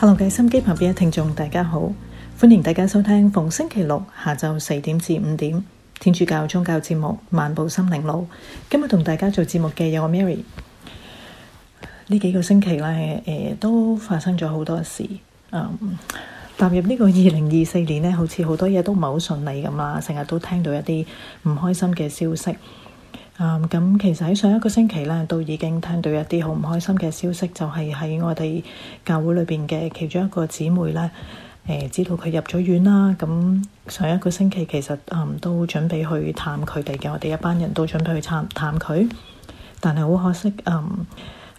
hello，嘅心機旁邊嘅聽眾大家好，歡迎大家收聽逢星期六下晝四點至五點天主教宗教節目漫步心靈路。今日同大家做節目嘅有我 Mary，呢幾個星期咧，誒都發生咗好多事。嗯，踏入呢個二零二四年咧，好似好多嘢都唔係好順利咁啦，成日都聽到一啲唔開心嘅消息。咁、嗯、其實喺上一個星期咧，都已經聽到一啲好唔開心嘅消息，就係、是、喺我哋教會裏邊嘅其中一個姊妹咧，誒、呃、知道佢入咗院啦。咁、嗯、上一個星期其實，嗯，都準備去探佢哋嘅，我哋一班人都準備去探探佢，但係好可惜，嗯，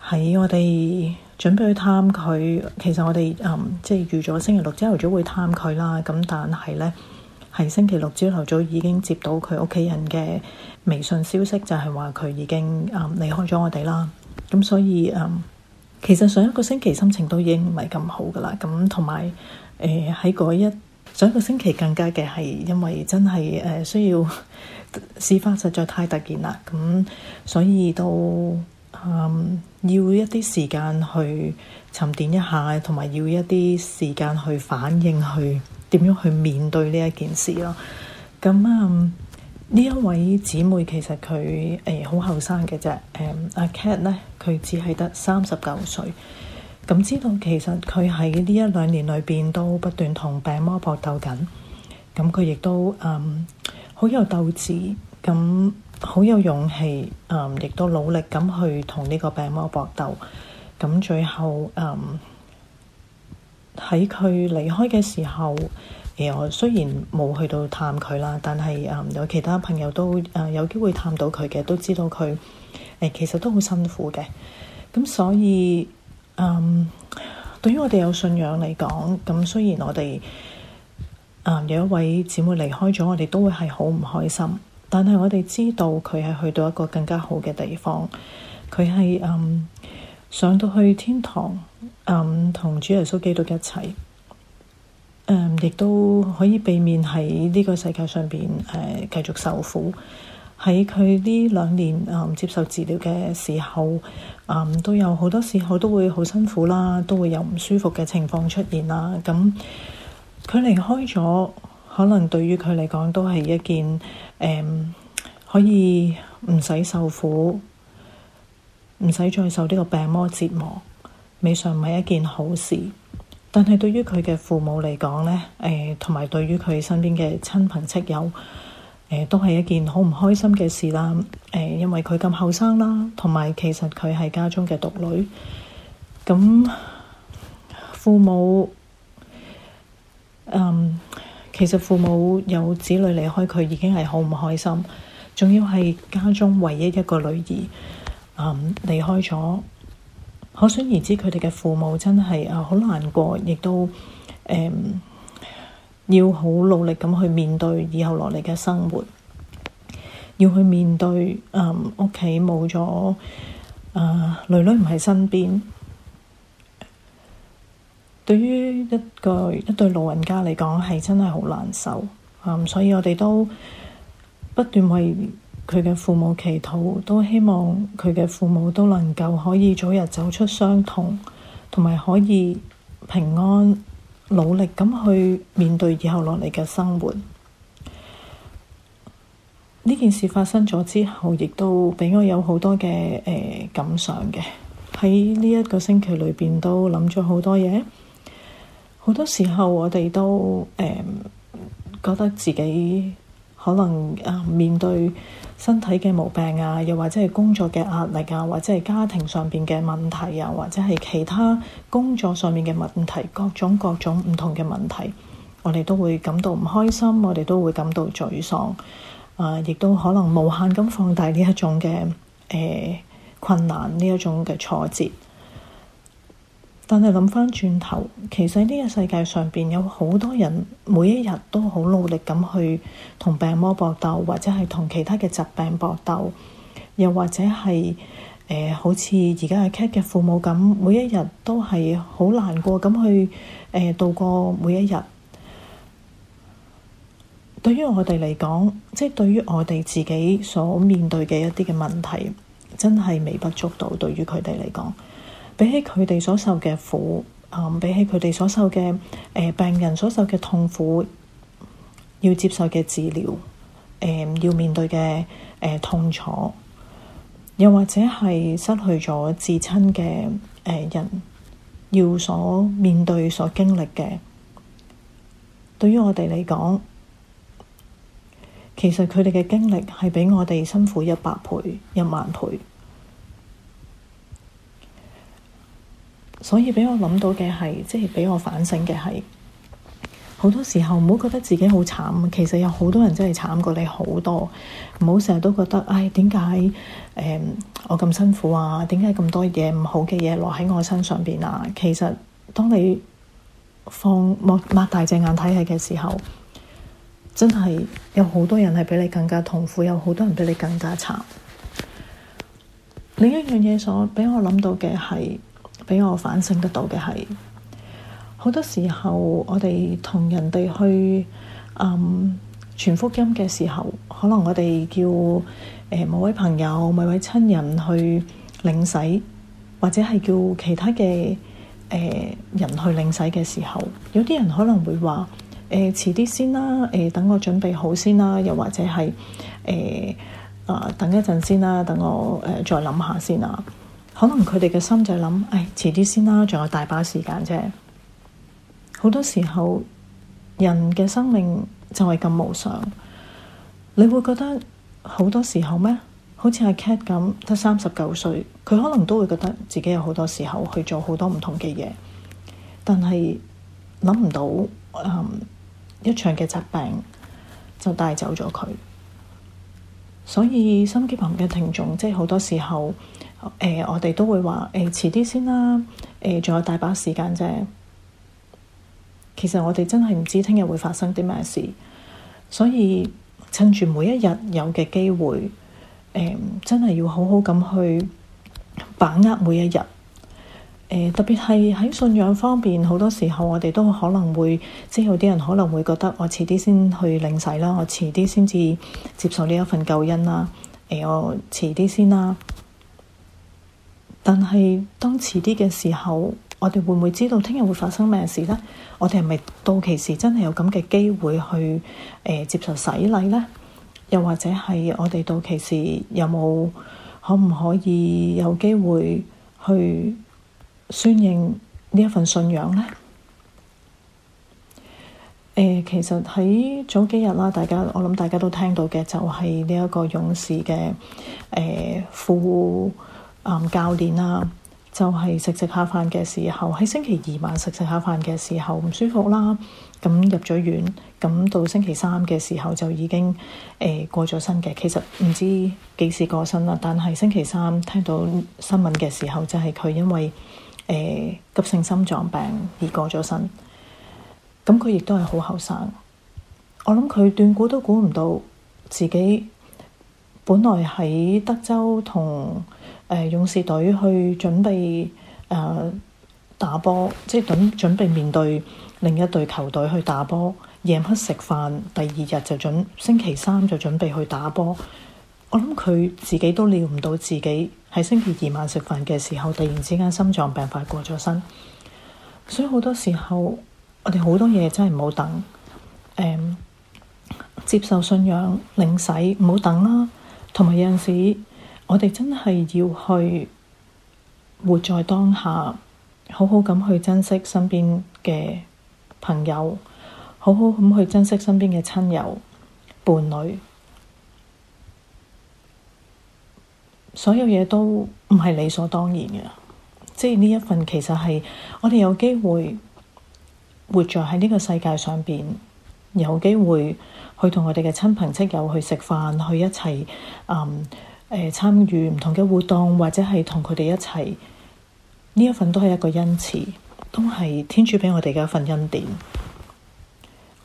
喺我哋準備去探佢，其實我哋，嗯，即係預咗星期六朝頭早會探佢啦。咁、嗯、但係咧，係星期六朝頭早已經接到佢屋企人嘅微信消息就係話佢已經啊、嗯、離開咗我哋啦，咁所以、嗯、其實上一個星期心情都已經唔係咁好噶啦，咁同埋誒喺嗰一上一個星期更加嘅係因為真係誒、呃、需要 事發實在太突然啦，咁所以都、嗯、要一啲時間去沉澱一下，同埋要一啲時間去反應，去點樣去面對呢一件事咯，咁啊。嗯呢一位姊妹其實佢誒好後生嘅啫，誒阿 Cat 咧佢只係得三十九歲，咁、嗯、知道其實佢喺呢一兩年裏邊都不斷同病魔搏鬥緊，咁佢亦都嗯好有鬥志，咁、嗯、好有勇氣，嗯亦都努力咁去同呢個病魔搏鬥，咁、嗯、最後嗯喺佢離開嘅時候。誒，我雖然冇去到探佢啦，但係誒有其他朋友都誒有機會探到佢嘅，都知道佢誒其實都好辛苦嘅。咁所以誒、嗯，對於我哋有信仰嚟講，咁雖然我哋誒、嗯、有一位姊妹離開咗，我哋都會係好唔開心。但係我哋知道佢係去到一個更加好嘅地方，佢係誒上到去天堂，誒、嗯、同主耶穌基督一齊。亦都、嗯、可以避免喺呢個世界上邊誒、嗯、繼續受苦。喺佢呢兩年啊、嗯、接受治療嘅時候，啊、嗯、都有好多時候都會好辛苦啦，都會有唔舒服嘅情況出現啦。咁、嗯、佢離開咗，可能對於佢嚟講都係一件誒、嗯、可以唔使受苦，唔使再受呢個病魔折磨，未嘗唔係一件好事。但係對於佢嘅父母嚟講呢誒，同、呃、埋對於佢身邊嘅親朋戚友，誒、呃，都係一件好唔開心嘅事啦。誒、呃，因為佢咁後生啦，同埋其實佢係家中嘅獨女，咁父母，嗯，其實父母有子女離開佢已經係好唔開心，仲要係家中唯一一個女兒，嗯，離開咗。可想而知，佢哋嘅父母真係好難過，亦都、嗯、要好努力咁去面對以後落嚟嘅生活，要去面對屋企冇咗女女唔喺身邊，對於一個一對老人家嚟講係真係好難受，嗯、所以我哋都不斷為佢嘅父母祈禱，都希望佢嘅父母都能夠可以早日走出傷痛，同埋可以平安努力咁去面對以後落嚟嘅生活。呢件事發生咗之後，亦都俾我有好多嘅誒、呃、感想嘅。喺呢一個星期裏邊，都諗咗好多嘢。好多時候我，我哋都誒覺得自己可能啊面對身體嘅毛病啊，又或者係工作嘅壓力啊，或者係家庭上面嘅問題啊，或者係其他工作上面嘅問題，各種各種唔同嘅問題，我哋都會感到唔開心，我哋都會感到沮喪，啊、呃，亦都可能無限咁放大呢一種嘅誒、呃、困難，呢一種嘅挫折。但係諗翻轉頭，其實呢個世界上邊有好多人，每一日都好努力咁去同病魔搏鬥，或者係同其他嘅疾病搏鬥，又或者係誒、呃，好似而家阿 Kat 嘅父母咁，每一日都係好難過咁去誒、呃、度過每一日。對於我哋嚟講，即係對於我哋自己所面對嘅一啲嘅問題，真係微不足道，對於佢哋嚟講。比起佢哋所受嘅苦、嗯，比起佢哋所受嘅、呃、病人所受嘅痛苦，要接受嘅治療、呃，要面對嘅、呃、痛楚，又或者係失去咗至親嘅人、呃，要所面對、所經歷嘅，對於我哋嚟講，其實佢哋嘅經歷係比我哋辛苦一百倍、一萬倍。所以畀我諗到嘅係，即係畀我反省嘅係，好多時候唔好覺得自己好慘。其實有好多人真係慘過你好多。唔好成日都覺得，唉、哎，點解誒我咁辛苦啊？點解咁多嘢唔好嘅嘢落喺我身上邊啊？其實當你放擘大隻眼睇嘅時候，真係有好多人係比你更加痛苦，有好多人比你更加慘。另一樣嘢所畀我諗到嘅係。俾我反省得到嘅係，好多時候我哋同人哋去嗯傳福音嘅時候，可能我哋叫誒、呃、某位朋友、某位親人去領洗，或者係叫其他嘅誒、呃、人去領洗嘅時候，有啲人可能會話誒，遲啲先啦，誒、呃、等我準備好先啦，又或者係誒、呃、啊等一陣先啦，等我誒、呃、再諗下先啦。」可能佢哋嘅心就係諗，唉，遲啲先啦，仲有大把時間啫。好多時候人嘅生命就係咁無常，你會覺得好多時候咩？好似阿 Cat 咁，得三十九歲，佢可能都會覺得自己有好多時候去做好多唔同嘅嘢，但係諗唔到，um, 一場嘅疾病就帶走咗佢。所以心機朋嘅聽眾，即係好多時候。誒、呃，我哋都會話誒、呃、遲啲先啦。誒、呃，仲有大把時間啫。其實我哋真係唔知聽日會發生啲咩事，所以趁住每一日有嘅機會，誒、呃、真係要好好咁去把握每一日。誒、呃、特別係喺信仰方面，好多時候我哋都可能會，即係有啲人可能會覺得我遲啲先去領洗啦，我遲啲先至接受呢一份救恩啦。誒、呃，我遲啲先啦。但係，當遲啲嘅時候，我哋會唔會知道聽日會發生咩事呢？我哋係咪到期時真係有咁嘅機會去誒、呃、接受洗禮呢？又或者係我哋到期時有冇可唔可以有機會去宣認呢一份信仰呢？誒、呃，其實喺早幾日啦、啊，大家我諗大家都聽到嘅就係呢一個勇士嘅誒、呃、副。教練啦、啊，就係食食下飯嘅時候，喺星期二晚食食下飯嘅時候唔舒服啦。咁入咗院，咁到星期三嘅時候就已經誒、欸、過咗身嘅。其實唔知幾時過身啦，但係星期三聽到新聞嘅時候，就係、是、佢因為誒、欸、急性心臟病而過咗身。咁佢亦都係好後生，我諗佢斷估都估唔到自己本來喺德州同。勇士、呃、隊去準備、呃、打波，即係準準備面對另一隊球隊去打波，夜晚黑食飯，第二日就準星期三就準備去打波。我諗佢自己都料唔到自己喺星期二晚食飯嘅時候，突然之間心臟病發過咗身。所以好多時候，我哋好多嘢真係唔好等、嗯，接受信仰領洗，唔好等啦，同埋有陣時。我哋真係要去活在當下，好好咁去珍惜身邊嘅朋友，好好咁去珍惜身邊嘅親友伴侶，所有嘢都唔係理所當然嘅。即係呢一份，其實係我哋有機會活在喺呢個世界上面，有機會去同我哋嘅親朋戚友去食飯，去一齊嗯。誒，參與唔同嘅活動，或者係同佢哋一齊，呢一份都係一個恩賜，都係天主畀我哋嘅一份恩典。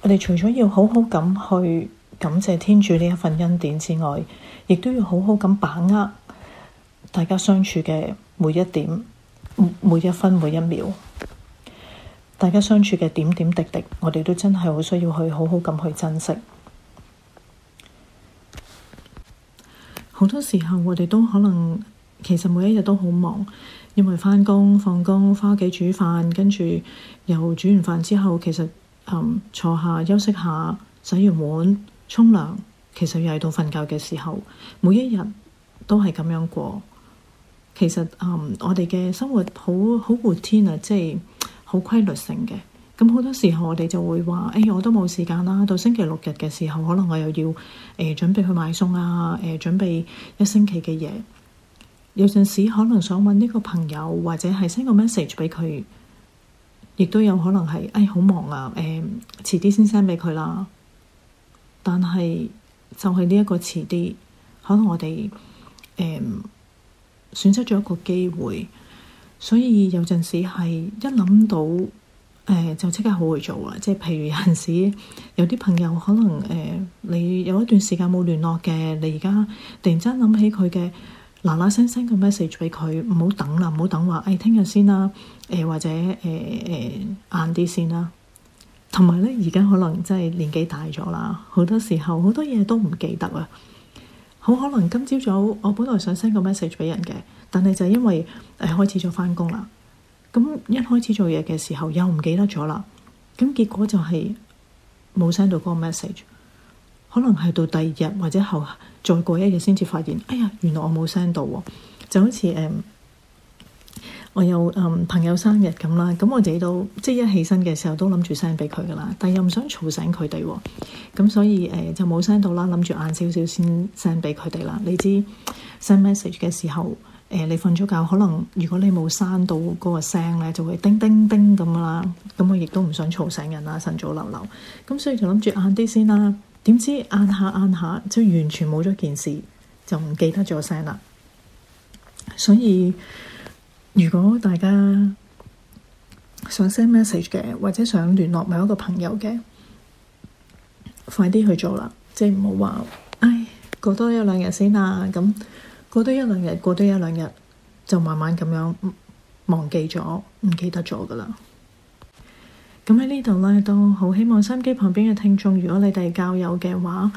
我哋除咗要好好咁去感謝天主呢一份恩典之外，亦都要好好咁把握大家相處嘅每一點、每一分、每一秒，大家相處嘅點點滴滴，我哋都真係好需要去好好咁去珍惜。好多時候我哋都可能其實每一日都好忙，因為返工、放工、返屋企煮飯，跟住又煮完飯之後，其實嗯坐下休息下、洗完碗、沖涼，其實又係到瞓覺嘅時候。每一日都係咁樣過，其實嗯我哋嘅生活好好 routine 啊，即係好規律性嘅。咁好多時候，我哋就會話，哎，我都冇時間啦。到星期六日嘅時候，可能我又要誒、呃、準備去買餸啊，誒、呃、準備一星期嘅嘢。有陣時可能想搵呢個朋友，或者係 send 個 message 畀佢，亦都有可能係哎好忙啊。誒、呃，遲啲先 send 畀佢啦。但係就係呢一個遲啲，可能我哋誒、呃、損失咗一個機會，所以有陣時係一諗到，誒、呃、就即刻好會做啊！即係譬如有陣時有啲朋友可能誒、呃、你有一段時間冇聯絡嘅，你而家突然之間諗起佢嘅嗱嗱聲 send 個 message 俾佢，唔好等啦，唔好等話誒聽日先啦，啊，誒、呃、或者誒誒晏啲先啦，啊。同埋咧，而家可能真係年紀大咗啦，好多時候好多嘢都唔記得啊！好可能今朝早，早我本來想 send 個 message 俾人嘅，但係就因為誒、呃、開始咗翻工啦。咁一開始做嘢嘅時候又唔記得咗啦，咁結果就係冇 send 到嗰個 message，可能係到第二日或者後再過一日先至發現，哎呀，原來我冇 send 到喎，就好似誒、uh, 我有誒、um, 朋友生日咁啦，咁我哋都即係一起身嘅時候都諗住 send 俾佢㗎啦，但又唔想吵醒佢哋，咁所以誒、uh, 就冇 send 到啦，諗住晏少少先 send 俾佢哋啦。你知 send message 嘅時候。誒、呃，你瞓咗覺，可能如果你冇閂到嗰個聲咧，就會叮叮叮咁啦。咁我亦都唔想吵醒人啦，晨早流流。咁所以就諗住晏啲先啦。點知晏下晏下，就完全冇咗件事，就唔記得咗聲啦。所以如果大家想 send message 嘅，或者想聯絡某一個朋友嘅，快啲去做啦。即係唔好話，唉，過多一兩日先啦咁。過多一兩日，過多一兩日就慢慢咁樣忘記咗，唔記得咗噶啦。咁喺呢度呢，都好希望收音機旁邊嘅聽眾，如果你哋教友嘅話，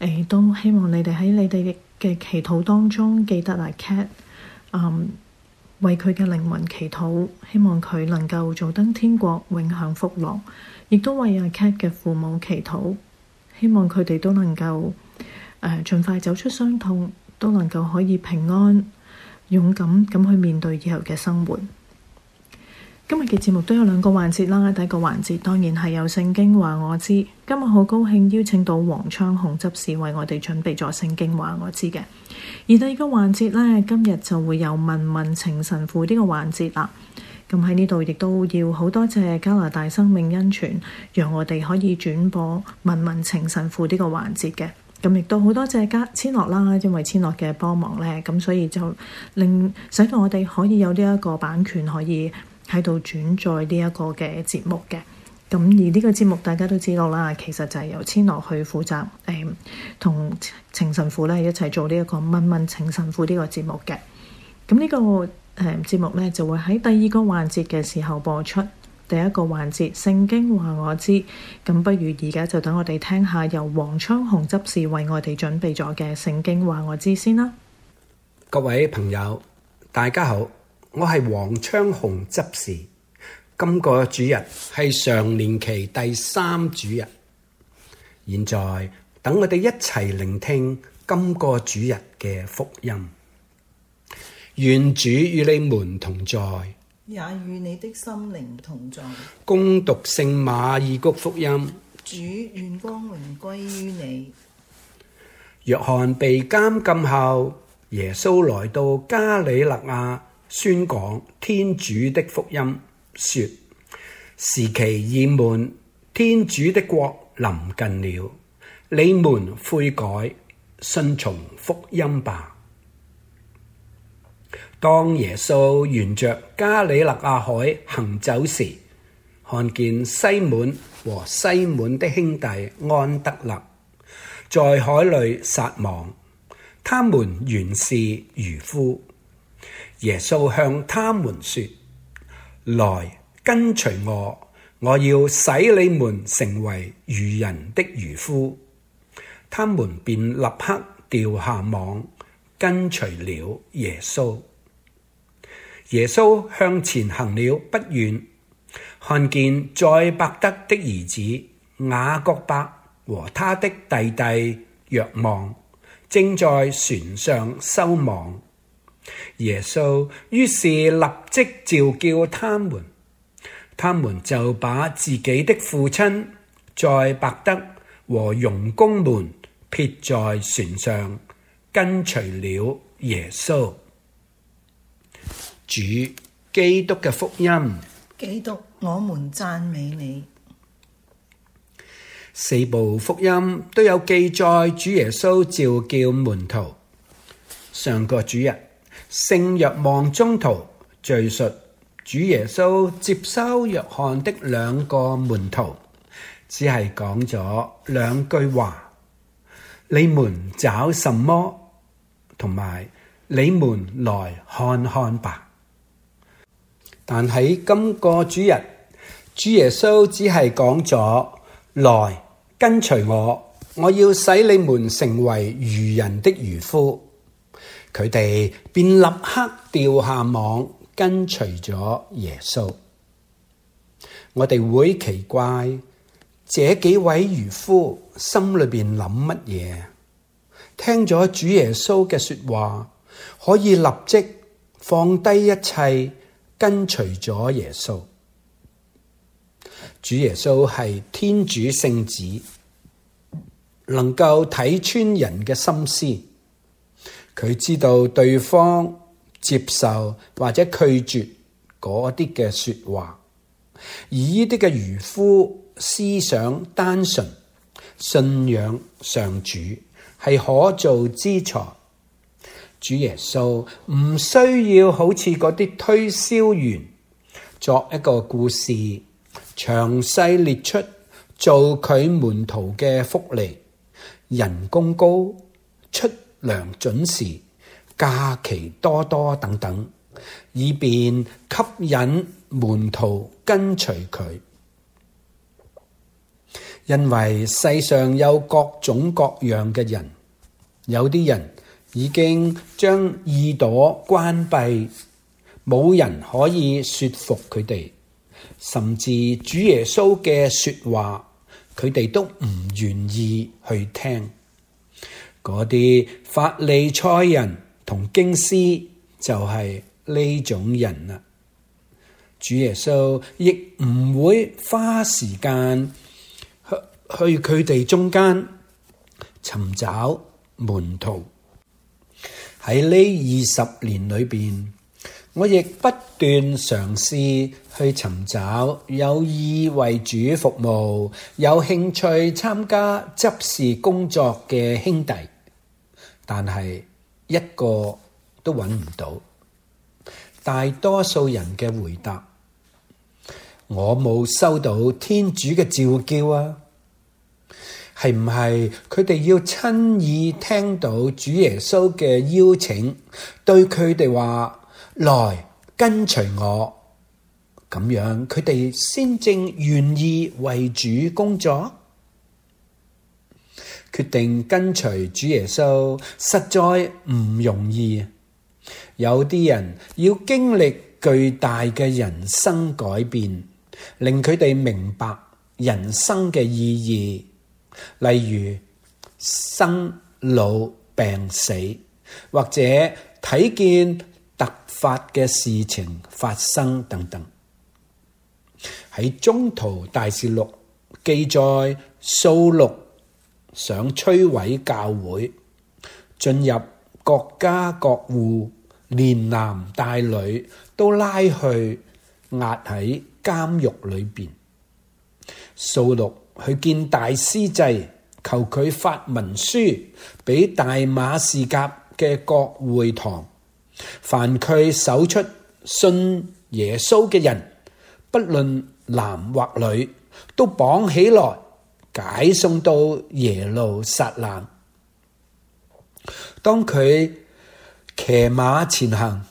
誒、欸、都希望你哋喺你哋嘅祈禱當中，記得阿、啊、Cat，誒、嗯、為佢嘅靈魂祈禱，希望佢能夠早登天國，永享福樂。亦都為阿、啊、Cat 嘅父母祈禱，希望佢哋都能夠誒盡快走出傷痛。都能夠可以平安勇敢咁去面對以後嘅生活。今日嘅節目都有兩個環節啦，第一個環節當然係有聖經話我知。今日好高興邀請到黃昌紅執事為我哋準備咗聖經話我知嘅。而第二個環節呢，今日就會有問問程神父呢個環節啦。咁喺呢度亦都要好多謝加拿大生命恩泉，讓我哋可以轉播問問程神父呢個環節嘅。咁亦都好多謝家千樂啦，因為千樂嘅幫忙咧，咁所以就令使到我哋可以有呢一個版權可以喺度轉載呢一個嘅節目嘅。咁而呢個節目大家都知道啦，其實就係由千樂去負責誒同程神父咧一齊做呢一個問問程神父呢個節目嘅。咁呢個誒節目咧就會喺第二個環節嘅時候播出。第一個環節，聖經話我知，咁不如而家就等我哋聽下由黃昌紅執事為我哋準備咗嘅聖經話我知先啦。各位朋友，大家好，我係黃昌紅執事。今個主日係上年期第三主日，現在等我哋一齊聆聽今個主日嘅福音。願主與你們同在。也與你的心靈同在。恭讀聖馬爾谷福音。主願光榮歸於你。若翰被監禁後，耶穌來到加里肋亞宣講天主的福音，說：時期已滿，天主的國臨近了，你們悔改，信從福音吧。當耶穌沿着加里勒亞海行走時，看見西滿和西滿的兄弟安德肋在海裏撒網，他們原是漁夫。耶穌向他們說：來跟隨我，我要使你們成為漁人的漁夫。他們便立刻掉下網，跟隨了耶穌。耶穌向前行了不遠，看見在伯德的兒子雅各伯和他的弟弟若望正在船上修網。耶穌於是立即召叫他們，他們就把自己的父親在伯德和傭工們撇在船上，跟隨了耶穌。主基督嘅福音，基督，我們讚美你。四部福音都有記載，主耶穌召叫門徒。上個主日，聖若望中途，敘述主耶穌接收若翰的兩個門徒，只係講咗兩句話：你們找什麼？同埋，你們來看看吧。但喺今個主日，主耶穌只係講咗，來跟隨我，我要使你們成為漁人的漁夫。佢哋便立刻掉下網，跟隨咗耶穌。我哋會奇怪，這幾位漁夫心裏邊諗乜嘢？聽咗主耶穌嘅說話，可以立即放低一切，跟隨咗耶穌，主耶穌係天主聖子，能夠睇穿人嘅心思，佢知道對方接受或者拒絕嗰啲嘅說話，而呢啲嘅漁夫思想單純，信仰上主係可造之才。主耶穌唔需要好似嗰啲推銷員作一個故事，詳細列出做佢門徒嘅福利，人工高、出糧準時、假期多多等等，以便吸引門徒跟隨佢。因為世上有各種各樣嘅人，有啲人，已經將耳朵關閉，冇人可以說服佢哋，甚至主耶穌嘅說話，佢哋都唔願意去聽。嗰啲法利賽人同經師就係呢種人啦。主耶穌亦唔會花時間去去佢哋中間尋找門徒。喺呢二十年裏邊，我亦不斷嘗試去尋找有意為主服務、有興趣參加執事工作嘅兄弟，但係一個都揾唔到。大多數人嘅回答，我冇收到天主嘅召叫啊！係唔係佢哋要親耳聽到主耶穌嘅邀請，對佢哋話「來，跟隨我」？咁樣，佢哋先正願意為主工作，決定跟隨主耶穌，實在唔容易。有啲人要經歷巨大嘅人生改變，令佢哋明白人生嘅意義。例如生老病死，或者睇見突發嘅事情發生等等。喺中途大事錄記載，掃祿，想摧毀教會，進入各家各戶，連男帶女都拉去押喺監獄裏邊，掃祿。去見大司祭，求佢發文書俾大馬士革嘅各會堂，凡佢搜出信耶穌嘅人，不論男或女，都綁起來解送到耶路撒冷。當佢騎馬前行，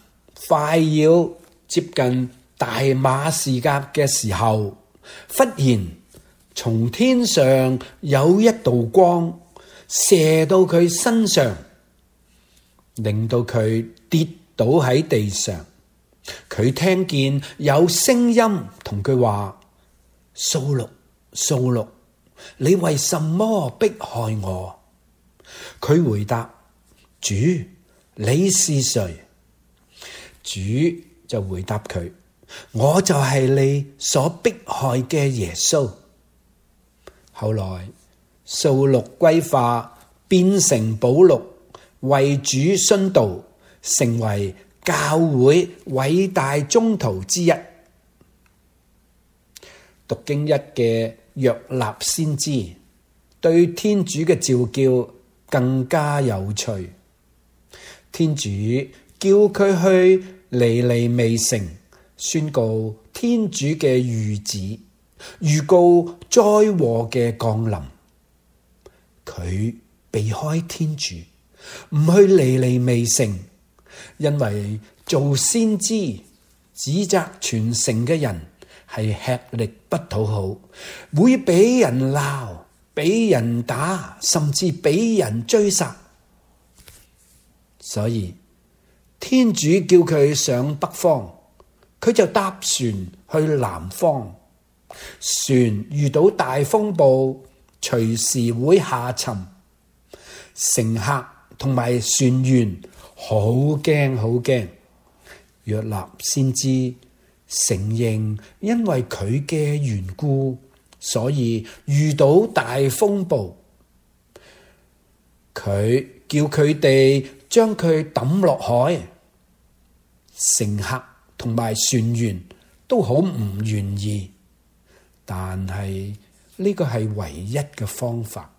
快要接近大馬士革嘅時候，忽然，從天上有一道光射到佢身上，令到佢跌倒喺地上。佢聽見有聲音同佢話：掃祿，掃祿，ok, ok, 你為什麼迫害我？佢回答：主，你是誰？主就回答佢：我就係你所迫害嘅耶穌。後來，掃祿歸化，變成保祿為主殉道，成為教會偉大宗徒之一。讀經一嘅約納先知，對天主嘅召叫更加有趣。天主叫佢去尼尼微城，宣告天主嘅諭旨。預告災禍嘅降臨，佢避開天主，唔去尼尼微城，因為做先知指責全城嘅人係吃力不討好，會俾人鬧、俾人打，甚至俾人追殺。所以天主叫佢上北方，佢就搭船去南方。船遇到大風暴，隨時會下沉。乘客同埋船員好驚好驚。約納先知承認，因為佢嘅緣故，所以遇到大風暴。佢叫佢哋將佢抌落海，乘客同埋船員都好唔願意。但係呢個係唯一嘅方法。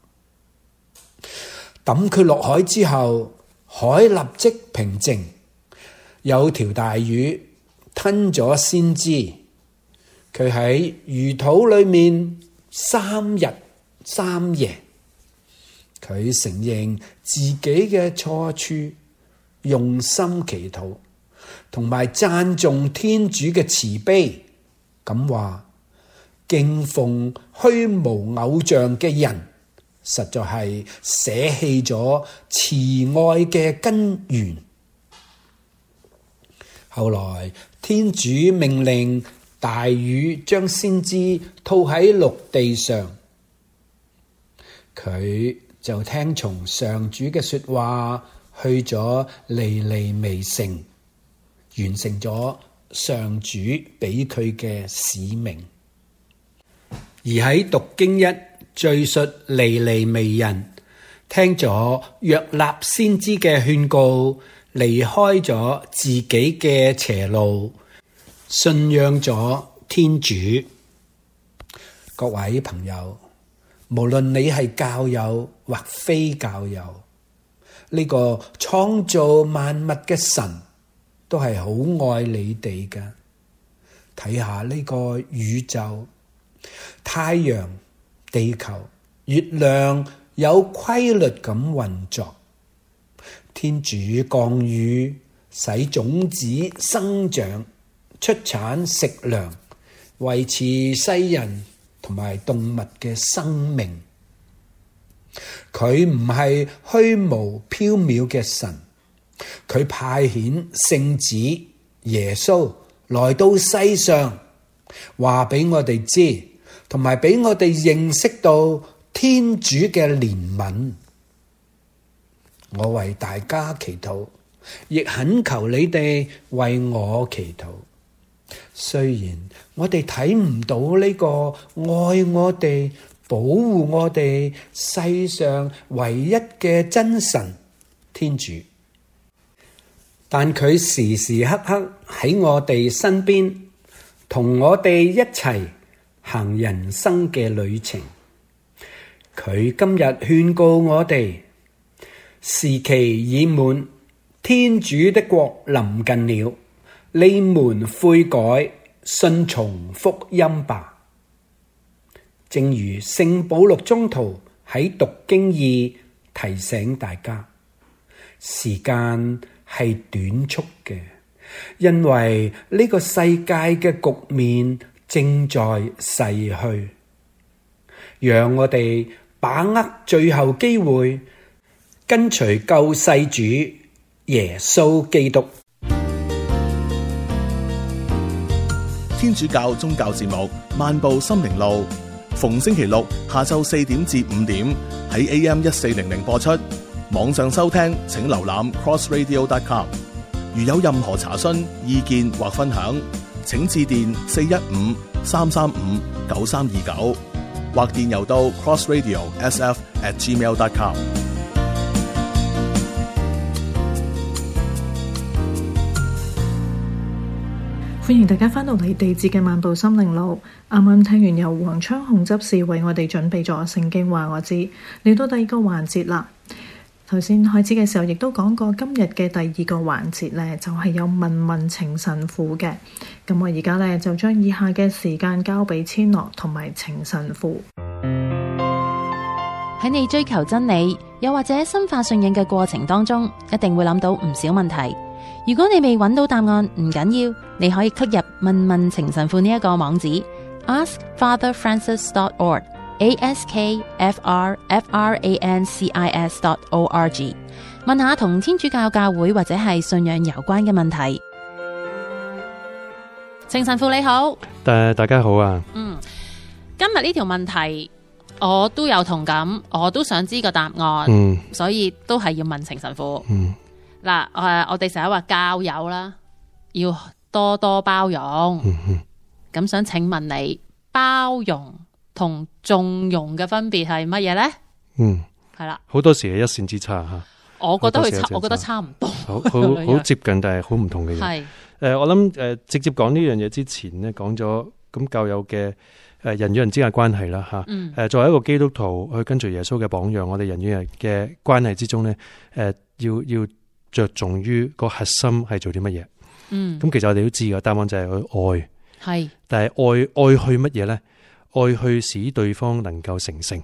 抌佢落海之後，海立即平靜，有條大魚吞咗先知。佢喺魚肚裏面三日三夜，佢承認自己嘅錯處，用心祈禱，同埋讚頌天主嘅慈悲，咁話。敬奉虛無偶像嘅人，實在係捨棄咗慈愛嘅根源。後來天主命令大魚將先知吐喺陸地上，佢就聽從上主嘅說話，去咗尼尼微城，完成咗上主俾佢嘅使命。而喺讀經一敘述，尼尼微人聽咗約納先知嘅勸告，離開咗自己嘅邪路，信仰咗天主。各位朋友，無論你係教友或非教友，呢個創造萬物嘅神都係好愛你哋㗎。睇下呢個宇宙。太陽、地球、月亮、有規律咁運作，天主降雨，使種子生長，出產食糧，維持世人同埋動物嘅生命。佢唔係虛無縹緲嘅神，佢派遣聖子耶穌來到世上，話俾我哋知。同埋畀我哋認識到天主嘅憐憫，我為大家祈禱，亦懇求你哋為我祈禱。雖然我哋睇唔到呢個愛我哋、保護我哋世上唯一嘅真神天主，但佢時時刻刻喺我哋身邊，同我哋一齊。行人生嘅旅程，佢今日勸告我哋，時期已滿，天主的國臨近了，你們悔改，信從福音吧。正如聖保祿宗徒喺讀經二提醒大家，時間係短促嘅，因為呢個世界嘅局面正在逝去，讓我哋把握最後機會，跟隨救世主耶穌基督。天主教宗教節目《漫步心靈路》，逢星期六下晝四點至五點喺 AM 一四零零播出，網上收聽請瀏覽 crossradio.com。如有任何查詢、意見或分享。請致電四一五三三五九三二九，29，或電郵到 crossradio.sf@gmail.com。Com 歡迎大家翻到嚟地址嘅漫步心靈路。啱啱聽完由黃昌紅執事為我哋準備咗《聖經話我知》，嚟到第二個環節啦。頭先開始嘅時候，亦都講過今日嘅第二個環節呢，就係、是、有問問程神父嘅。咁我而家呢，就將以下嘅時間交俾千樂同埋程神父。喺你追求真理，又或者深化信仰嘅過程當中，一定會諗到唔少問題。如果你未揾到答案，唔緊要，你可以 click 入問問程神父呢一、這個網址 askfatherfrancis.org。Ask askfrfrancis.org 問下同天主教教會或者係信仰有關嘅問題。程神父你好，大家好啊。嗯，今日呢條問題我都有同感，我都想知個答案。嗯，所以都係要問程神父。嗯，嗱，誒、呃，我哋成日話教友啦，要多多包容。嗯，咁想請問你包容。同縱容嘅分別係乜嘢咧？嗯，係啦，好多時係一綫之差吓。我覺得佢差，差我覺得差唔多，好好 接近，但係好唔同嘅嘢。係誒是、呃，我諗誒，直接講呢樣嘢之前咧，講咗咁教友嘅誒人與人之間嘅關係啦吓。誒，作為一個基督徒去跟隨耶穌嘅榜樣，我哋人與人嘅關係之中咧，誒、呃，要要着重於個核心係做啲乜嘢？嗯。咁、嗯嗯、其實我哋都知㗎，答案就係去愛。係。但係愛愛去乜嘢咧？愛去使對方能夠成聖，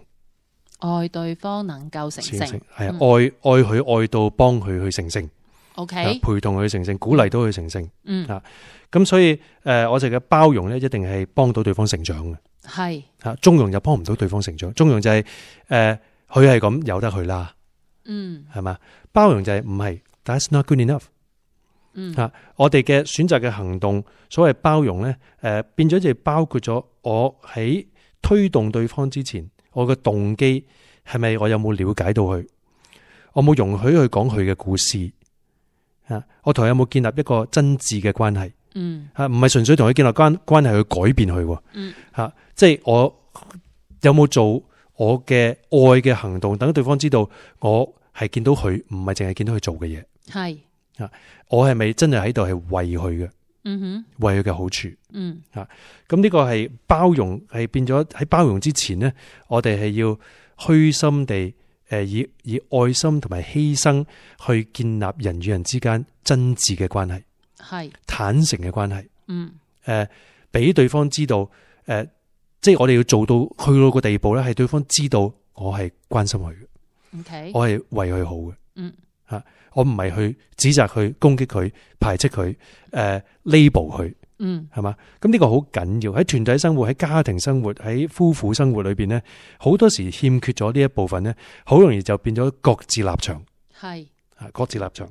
愛對方能夠成聖，係啊，愛愛佢愛到幫佢去成聖，OK，陪同佢成聖，鼓勵到佢成聖，嗯啊，咁所以誒、呃，我哋嘅包容咧，一定係幫到對方成長嘅，係吓是，縱容、啊、就幫唔到對方成長，縱容就係、是、誒，佢係咁由得佢啦，嗯，係嘛，包容就係、是、唔係，That's not good enough。嗯吓，我哋嘅選擇嘅行動，所謂包容咧，誒、呃、變咗就包括咗我喺推動對方之前，我嘅動機係咪我有冇了解到佢？我冇容許佢講佢嘅故事啊？我同佢有冇建立一個真摯嘅關係？嗯吓，唔係純粹同佢建立關關係去改變佢。啊、嗯吓，即係、啊就是、我有冇做我嘅愛嘅行動？等對方知道我係見到佢，唔係淨係見到佢做嘅嘢。係。我係咪真係喺度係為佢嘅？嗯哼、mm，hmm. 為佢嘅好處。嗯、mm，啊，咁呢個係包容，係變咗喺包容之前咧，我哋係要虛心地誒，以以愛心同埋犧牲去建立人與人之間真摯嘅關係，係、mm hmm. 坦誠嘅關係。嗯、mm，誒、hmm. 呃，俾對方知道，誒、呃，即、就、係、是、我哋要做到去到個地步咧，係對方知道我係關心佢嘅，OK，我係為佢好嘅。嗯、mm。Hmm. 啊！我唔係去指責、去攻擊佢、排斥佢、誒 label 佢，嗯，係嘛？咁呢個好緊要喺團體生活、喺家庭生活、喺夫婦生活裏邊咧，好多時欠缺咗呢一部分咧，好容易就變咗各自立場，係啊是，各自立場。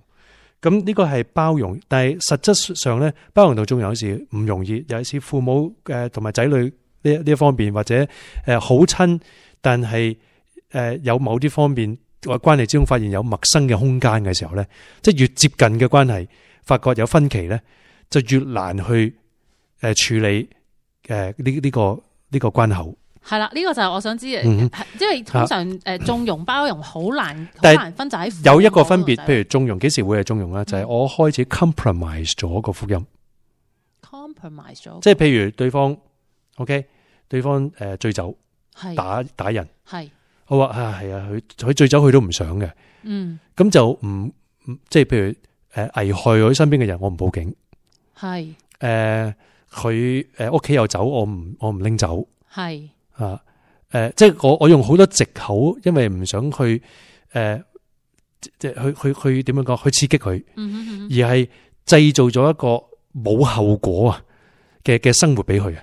咁呢個係包容，但係實質上咧，包容到仲有時唔容易，尤其是父母誒同埋仔女呢呢一方面或者誒好親，但係誒有某啲方面。個關係之中，發現有陌生嘅空間嘅時候咧，即係越接近嘅關係，發覺有分歧咧，就越難去誒處理誒呢呢個呢、這個關口。係啦，呢、這個就係我想知，嗯、哼因為通常誒縱容包容好難好、嗯、哼難分解。有一個分別，譬如縱容，幾時會係縱容咧？嗯、哼就係我開始 compromise 咗個福音。compromise 咗、嗯哼，即係譬如對方，OK，對方誒醉酒，係、呃呃、打打，打人，係的。我話啊，係啊，佢佢醉酒，佢都唔想嘅。嗯，咁我就唔即係譬如誒，危害佢身邊嘅人，我唔報警。係誒，佢誒屋企有酒，我唔我唔拎走。係啊，誒，即係我我用好多借口，因為唔想去誒，即係去去去點樣講，去刺激佢，而係製造咗一個冇後果啊嘅嘅生活俾佢嘅。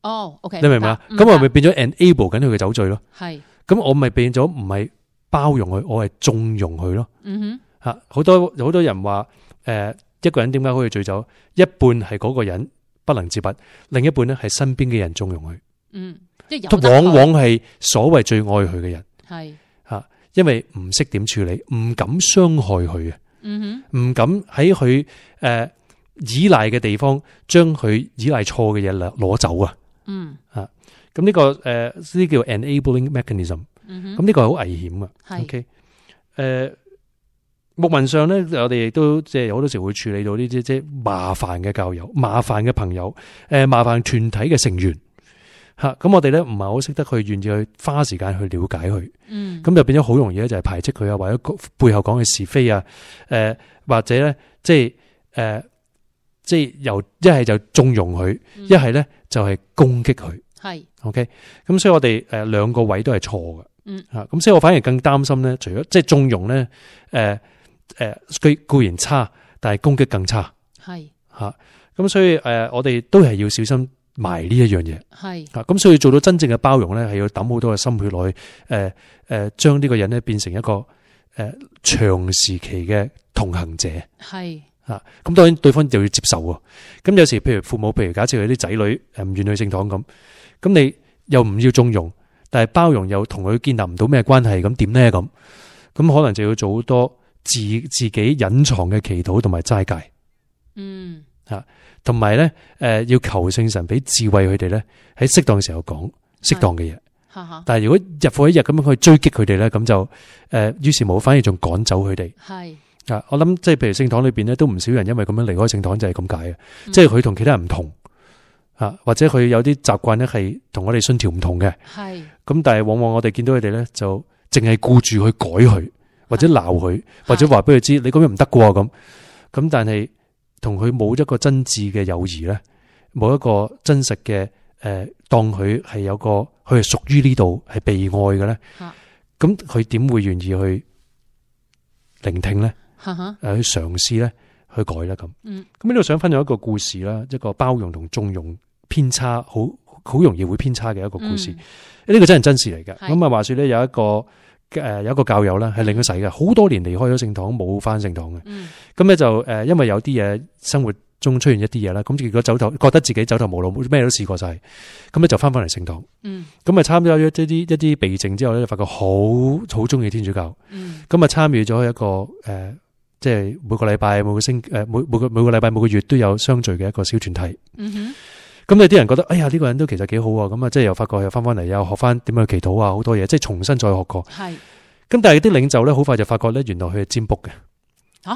哦，OK，你明唔明啊？咁係咪變咗 enable 緊佢嘅酒醉咯？係。咁我咪變咗唔係包容佢，我係縱容佢咯。嗯哼，吓好多好多人話，誒，一個人點解可以醉酒？一半係嗰個人不能自拔，另一半咧係身邊嘅人縱容佢。嗯，即係有得。往往係所謂最愛佢嘅人，係吓，因為唔識點處理，唔敢傷害佢嘅。嗯哼，唔敢喺佢誒依賴嘅地方將佢依賴錯嘅嘢攞走啊。嗯啊。咁呢個誒，呢啲叫 enabling mechanism。咁呢個係好危險噶。ok，誒，牧民上咧，我哋亦都即係好多時會處理到呢啲即係麻煩嘅教友、麻煩嘅朋友、誒麻煩團體嘅成員。吓，咁我哋咧唔係好識得去願意去花時間去了解佢。嗯，咁就變咗好容易咧，就係排斥佢啊，或者背後講嘅是非啊。誒、呃，或者咧，即係誒、呃，即係由一係就縱容佢，一係咧就係攻擊佢。係，OK，咁所以我哋誒兩個位都係錯嘅，嗯，吓，咁所以我反而更擔心咧，除咗即係縱容咧，誒誒，佢固然差，但係攻擊更差，係吓，咁所以誒我哋都係要小心埋呢一樣嘢，係吓，咁所以做到真正嘅包容咧，係要抌好多嘅心血落去，誒誒，將呢個人咧變成一個誒長時期嘅同行者，係吓，咁當然對方就要接受喎，咁有時譬如父母，譬如假設佢啲仔女唔願去聖堂咁。咁你又唔要縱容，但係包容又同佢建立唔到咩關係，咁點咧咁？咁可能就要做好多自自己隱藏嘅祈禱同埋齋戒，嗯吓，同埋咧誒，要求聖神俾智慧佢哋咧，喺適當嘅時候講適當嘅嘢。但係如果日復一日咁樣去追擊佢哋咧，咁就誒，於、呃、是冇，反而仲趕走佢哋。係啊，我諗即係譬如聖堂裏邊咧，都唔少人因為咁樣離開聖堂就係咁解嘅，嗯、即係佢同其他人唔同。啊是，或者佢有啲習慣咧，係同我哋信條唔同嘅，係咁是、啊，但係往往我哋見到佢哋咧，就淨係顧住去改佢，或者鬧佢，或者話俾佢知你咁樣唔得啩咁，咁但係同佢冇一個真摯嘅友誼咧，冇一個真實嘅誒，當佢係有個佢係屬於呢度係被愛嘅咧，咁佢點會願意去聆聽咧？吓吓是，誒，去嘗試咧去改咧咁，嗯，咁呢度想分享一個故事啦，一個包容同縱容。偏差，好好容易會偏差嘅一個故事，呢、嗯、個真係真事嚟嘅。咁啊是，話說咧，有一個誒，有一個教友啦，係領佢洗嘅，好、嗯、多年離開咗聖堂，冇翻聖堂嘅。咁咧就誒，因為有啲嘢，生活中出現一啲嘢啦，咁如果走頭，覺得自己走投無路，咩都試過晒，咁咧就翻翻嚟聖堂。嗯，咁啊，參咗一啲一啲一啲避靜之後咧，發覺好好中意天主教。嗯，咁啊，參與咗一個誒，即係每個禮拜每個星誒，每個每個每個禮拜每個月都有相聚嘅一個小團體。嗯嗯咁咧，啲人覺得，哎呀，呢、這個人都其實幾好啊！咁啊，即係又發覺又翻翻嚟又學翻點樣祈禱啊，好多嘢，即係重新再學過。係是。咁但係啲領袖咧，好快就發覺咧，原來佢係占卜嘅。吓？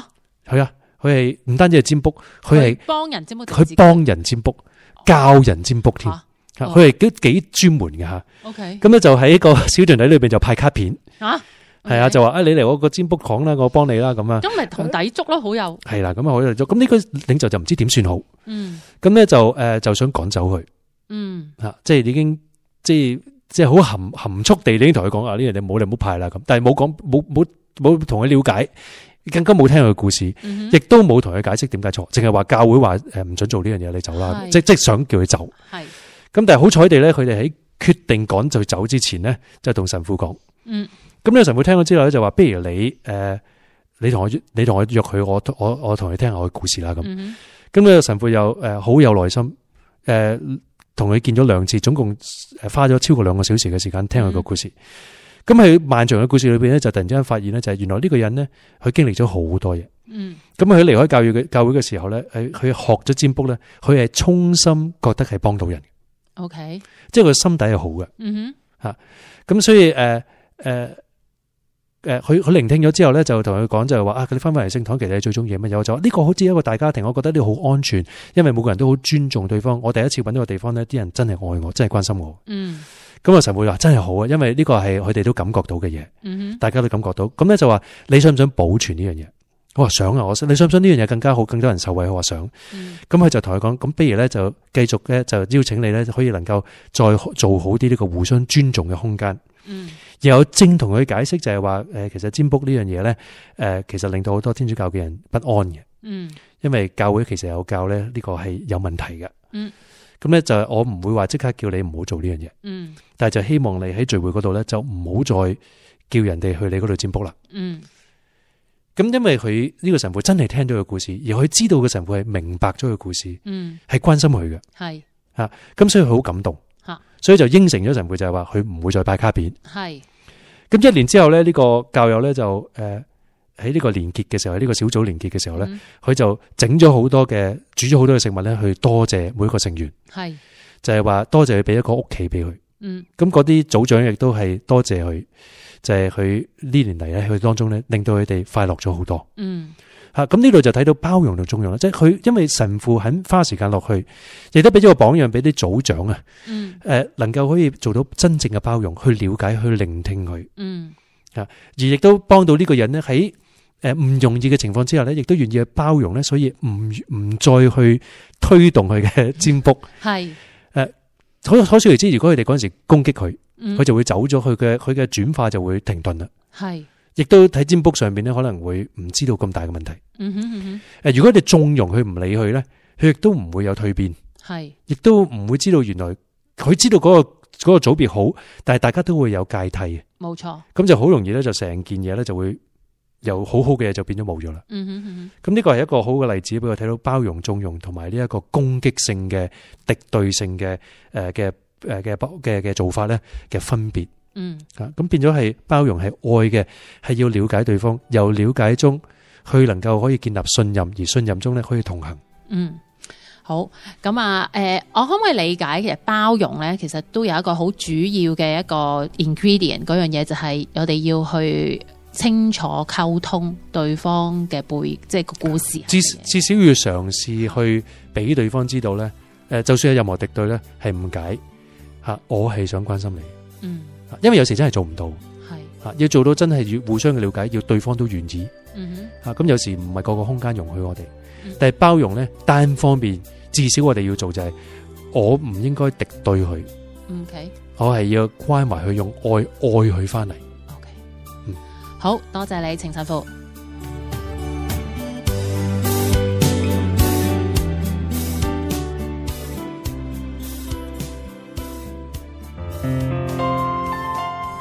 係啊，佢係唔單止係占卜，佢係幫人占卜，佢幫人占卜，教人占卜添。佢係都幾專門嘅吓。O K、啊。咁、啊、咧就喺一個小團體裏邊就派卡片。啊？啊。係啊，就話啊，你嚟我個占卜講啦，我幫你啦，咁啊，咁咪同底足咯，好有，係啦，咁啊，好有。咁呢個領袖就唔知點算好，嗯，咁咧就誒，就想趕走佢，嗯，啊，即係已經，即係即係好含含蓄地，已經同佢講啊，呢樣你冇你唔好派啦，咁，但係冇講，冇冇冇同佢了解，更加冇聽佢故事，亦都冇同佢解釋點解錯，淨係話教會話誒唔准做呢樣嘢，你走啦，即即係想叫佢走，係，咁但係好彩地咧，佢哋喺決定趕就走之前咧，就同神父講，嗯。咁呢個神父聽咗之後咧，就話，不如你，誒、呃，你同我，你同我約佢，我我我同你聽下我嘅故事啦。咁、嗯哼，咁呢個神父又誒好、呃、有耐心，誒、呃，同佢見咗兩次，總共誒花咗超過兩個小時嘅時間聽佢個故事。咁喺、嗯、漫長嘅故事裏邊咧，就突然之間發現咧，就係、是、原來呢個人咧，佢經歷咗好多嘢。嗯。咁佢離開教育嘅教會嘅時候咧，誒，佢學咗占卜咧，佢係衷心覺得係幫到人。OK，嗯、即係佢心底係好嘅。嗯吓，咁所以誒，誒、嗯。誒，佢佢聆聽咗之後咧，就同佢講就係話啊，佢哋翻翻嚟聖堂，其實係最中意乜嘢我就話呢個好似一個大家庭，我覺得呢啲好安全，因為每個人都好尊重對方。我第一次揾呢個地方呢，啲人真係愛我，真係關心我。嗯，咁阿神會話真係好啊，因為呢個係佢哋都感覺到嘅嘢，嗯、哼大家都感覺到。咁咧就話你想唔想保存呢樣嘢？我話想啊，我你想唔想呢樣嘢更加好，更多人受惠？我話想。咁佢、嗯、就同佢講，咁不如咧就繼續咧就邀請你咧，可以能夠再做好啲呢個互相尊重嘅空間。嗯。有正同佢解釋就係話，誒，其實占卜呢樣嘢咧，誒，其實令到好多天主教嘅人不安嘅。嗯，因為教會其實有教咧，呢個係有問題嘅。嗯，咁咧就係我唔會話即刻叫你唔好做呢樣嘢。嗯，但係就希望你喺聚會嗰度咧，就唔好再叫人哋去你嗰度占卜啦。嗯，咁、嗯、因為佢呢個神父真係聽到個故事，而佢知道嘅神父係明白咗個故事。嗯，係關心佢嘅。係啊，咁所以佢好感動。吓，所以就，所以就應承咗神父就係話，佢唔會再拜卡片。係。咁一年之後咧，呢個教友咧就誒喺呢個連結嘅時候，呢個小組連結嘅時候咧，佢就整咗好多嘅煮咗好多嘅食物咧，去多謝每一個成員。係，就係話多謝佢俾一個屋企俾佢。嗯，咁嗰啲組長亦都係多謝佢，就係佢呢年嚟咧，佢當中咧令到佢哋快樂咗好多。嗯。吓，咁呢度就睇到包容就重要啦，即係佢因為神父肯花時間落去，亦都俾咗個榜樣俾啲組長啊，嗯，誒、呃，能夠可以做到真正嘅包容，去了解，去聆聽佢，嗯，吓而亦都幫到呢個人咧喺誒唔容易嘅情況之下呢亦都願意去包容咧，所以唔唔再去推動佢嘅占卜，係誒、嗯，可可想而知，如果佢哋嗰陣時攻擊佢，佢就會走咗，佢嘅佢嘅轉化就會停頓啦，係、嗯。亦都睇 Facebook 上邊咧，可能會唔知道咁大嘅問題。嗯哼嗯哼，誒，如果你縱容佢唔理佢咧，佢亦都唔會有蛻變。係，亦都唔會知道原來佢知道嗰個嗰個組別好，但係大家都會有芥蒂嘅。冇錯。咁就好容易咧，就成件嘢咧就會由好好嘅嘢就變咗冇咗啦。嗯哼嗯哼。咁呢個係一個好嘅例子，俾我睇到包容、縱容同埋呢一個攻擊性嘅敵對性嘅誒嘅誒嘅不嘅嘅做法咧嘅分別。嗯，吓咁變咗係包容係愛嘅，係要了解對方，由了解中去能夠可以建立信任，而信任中咧可以同行。嗯，好咁啊，誒、呃，我可唔可以理解？其實包容咧，其實都有一個好主要嘅一個 ingredient 嗰樣嘢，就係我哋要去清楚溝通對方嘅背，即係個故事。至至少要嘗試去俾對方知道咧，誒，就算有任何敵對咧，係誤解吓、啊，我係想關心你，嗯。因為有時真係做唔到，係啊的要做到真係要互相嘅了解，要對方都願意。嗯哼，啊咁、嗯、有時唔係個個空間容許我哋，嗯、但係包容咧單方面，至少我哋要做就係、是、我唔應該敵對佢。嗯、o、okay、K，我係要關埋佢，用愛愛佢翻嚟。O Okay K，嗯，好多謝你，程神父。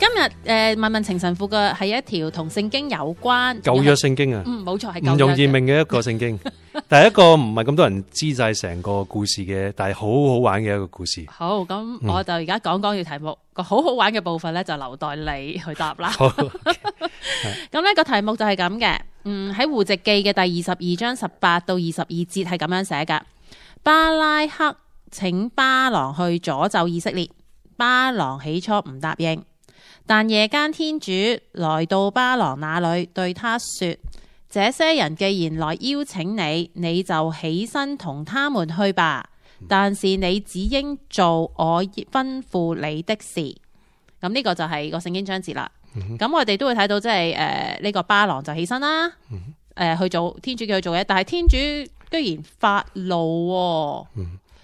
今日誒、呃，問問程神父嘅係一條同聖經有關舊約聖經啊，嗯，冇錯係舊約唔容易明嘅一個聖經，但 一個唔係咁多人知晒成個故事嘅，但係好好玩嘅一個故事。好，咁我就而家講講條題目、嗯、個好好玩嘅部分咧，就留待你去答啦。咁呢、okay, 個題目就係咁嘅，嗯，喺戶籍紀嘅第二十二章十八到二十二節係咁樣寫嘅。巴拉克請巴郎去詛咒以色列，巴郎起初唔答應。但夜間天主來到巴郎那裏，對他說：這些人既然來邀請你，你就起身同他們去吧。但是你只應做我吩咐你的事。咁、這、呢個就係個聖經章節啦。咁 我哋都會睇到，即係誒呢個巴郎就起身啦，誒去做天主叫佢做嘢，但係天主居然發怒、喎。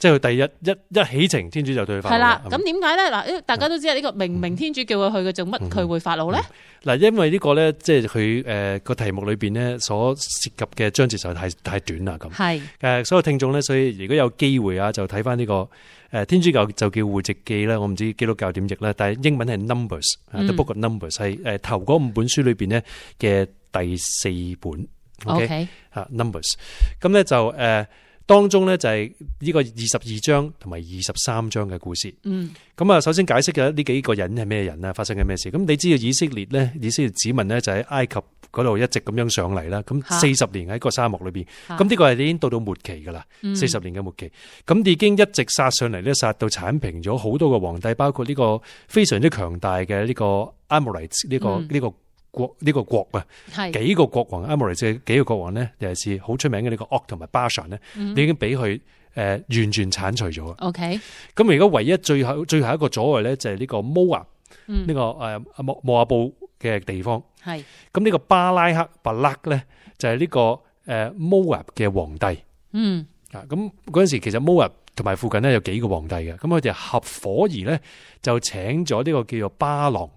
即係佢第一一一起程，天主就對佢發怒。係啦，咁點解咧？嗱，大家都知呢個明明天主叫佢去，佢做乜佢會發怒咧？嗱，因為呢個咧，即係佢誒個題目裏邊咧，所涉及嘅章節就太太短啦。咁係誒，所有聽眾咧，所以如果有機會啊，就睇翻呢個誒，天主教就叫戶籍紀啦。我唔知基督教點譯啦，但係英文係 Numbers，不過 Numbers 係誒頭嗰五本書裏邊咧嘅第四本。O K 啊，Numbers。咁咧就誒。當中呢，就係呢個二十二章同埋二十三章嘅故事。嗯，咁啊，首先解釋嘅呢幾個人係咩人啊，發生緊咩事。咁你知道以色列呢，以色列子民呢，就喺埃及嗰度一直咁樣上嚟啦。咁四十年喺個沙漠裏邊，咁呢哈個係已經到到末期噶啦，四十年嘅末期。咁、嗯、已經一直殺上嚟呢殺到鏟平咗好多個皇帝，包括呢個非常之強大嘅呢個阿摩利呢個呢個。嗯國呢個國啊，係、這個、幾個國王？阿莫里斯嘅幾個國王咧，尤其是好出名嘅呢個奧同埋巴尚咧，嗯、已經俾佢誒完全鏟除咗。OK，咁而家唯一最後最後一個阻礙咧，就係、是、呢個摩阿布，呢個誒摩莫阿布嘅地方。係咁呢個巴拉克巴拉咧，就係、是、呢、這個誒、呃、摩阿布嘅皇帝。嗯，啊咁嗰陣時其實摩阿布同埋附近咧有幾個皇帝嘅，咁佢哋合夥而咧就請咗呢個叫做巴郎。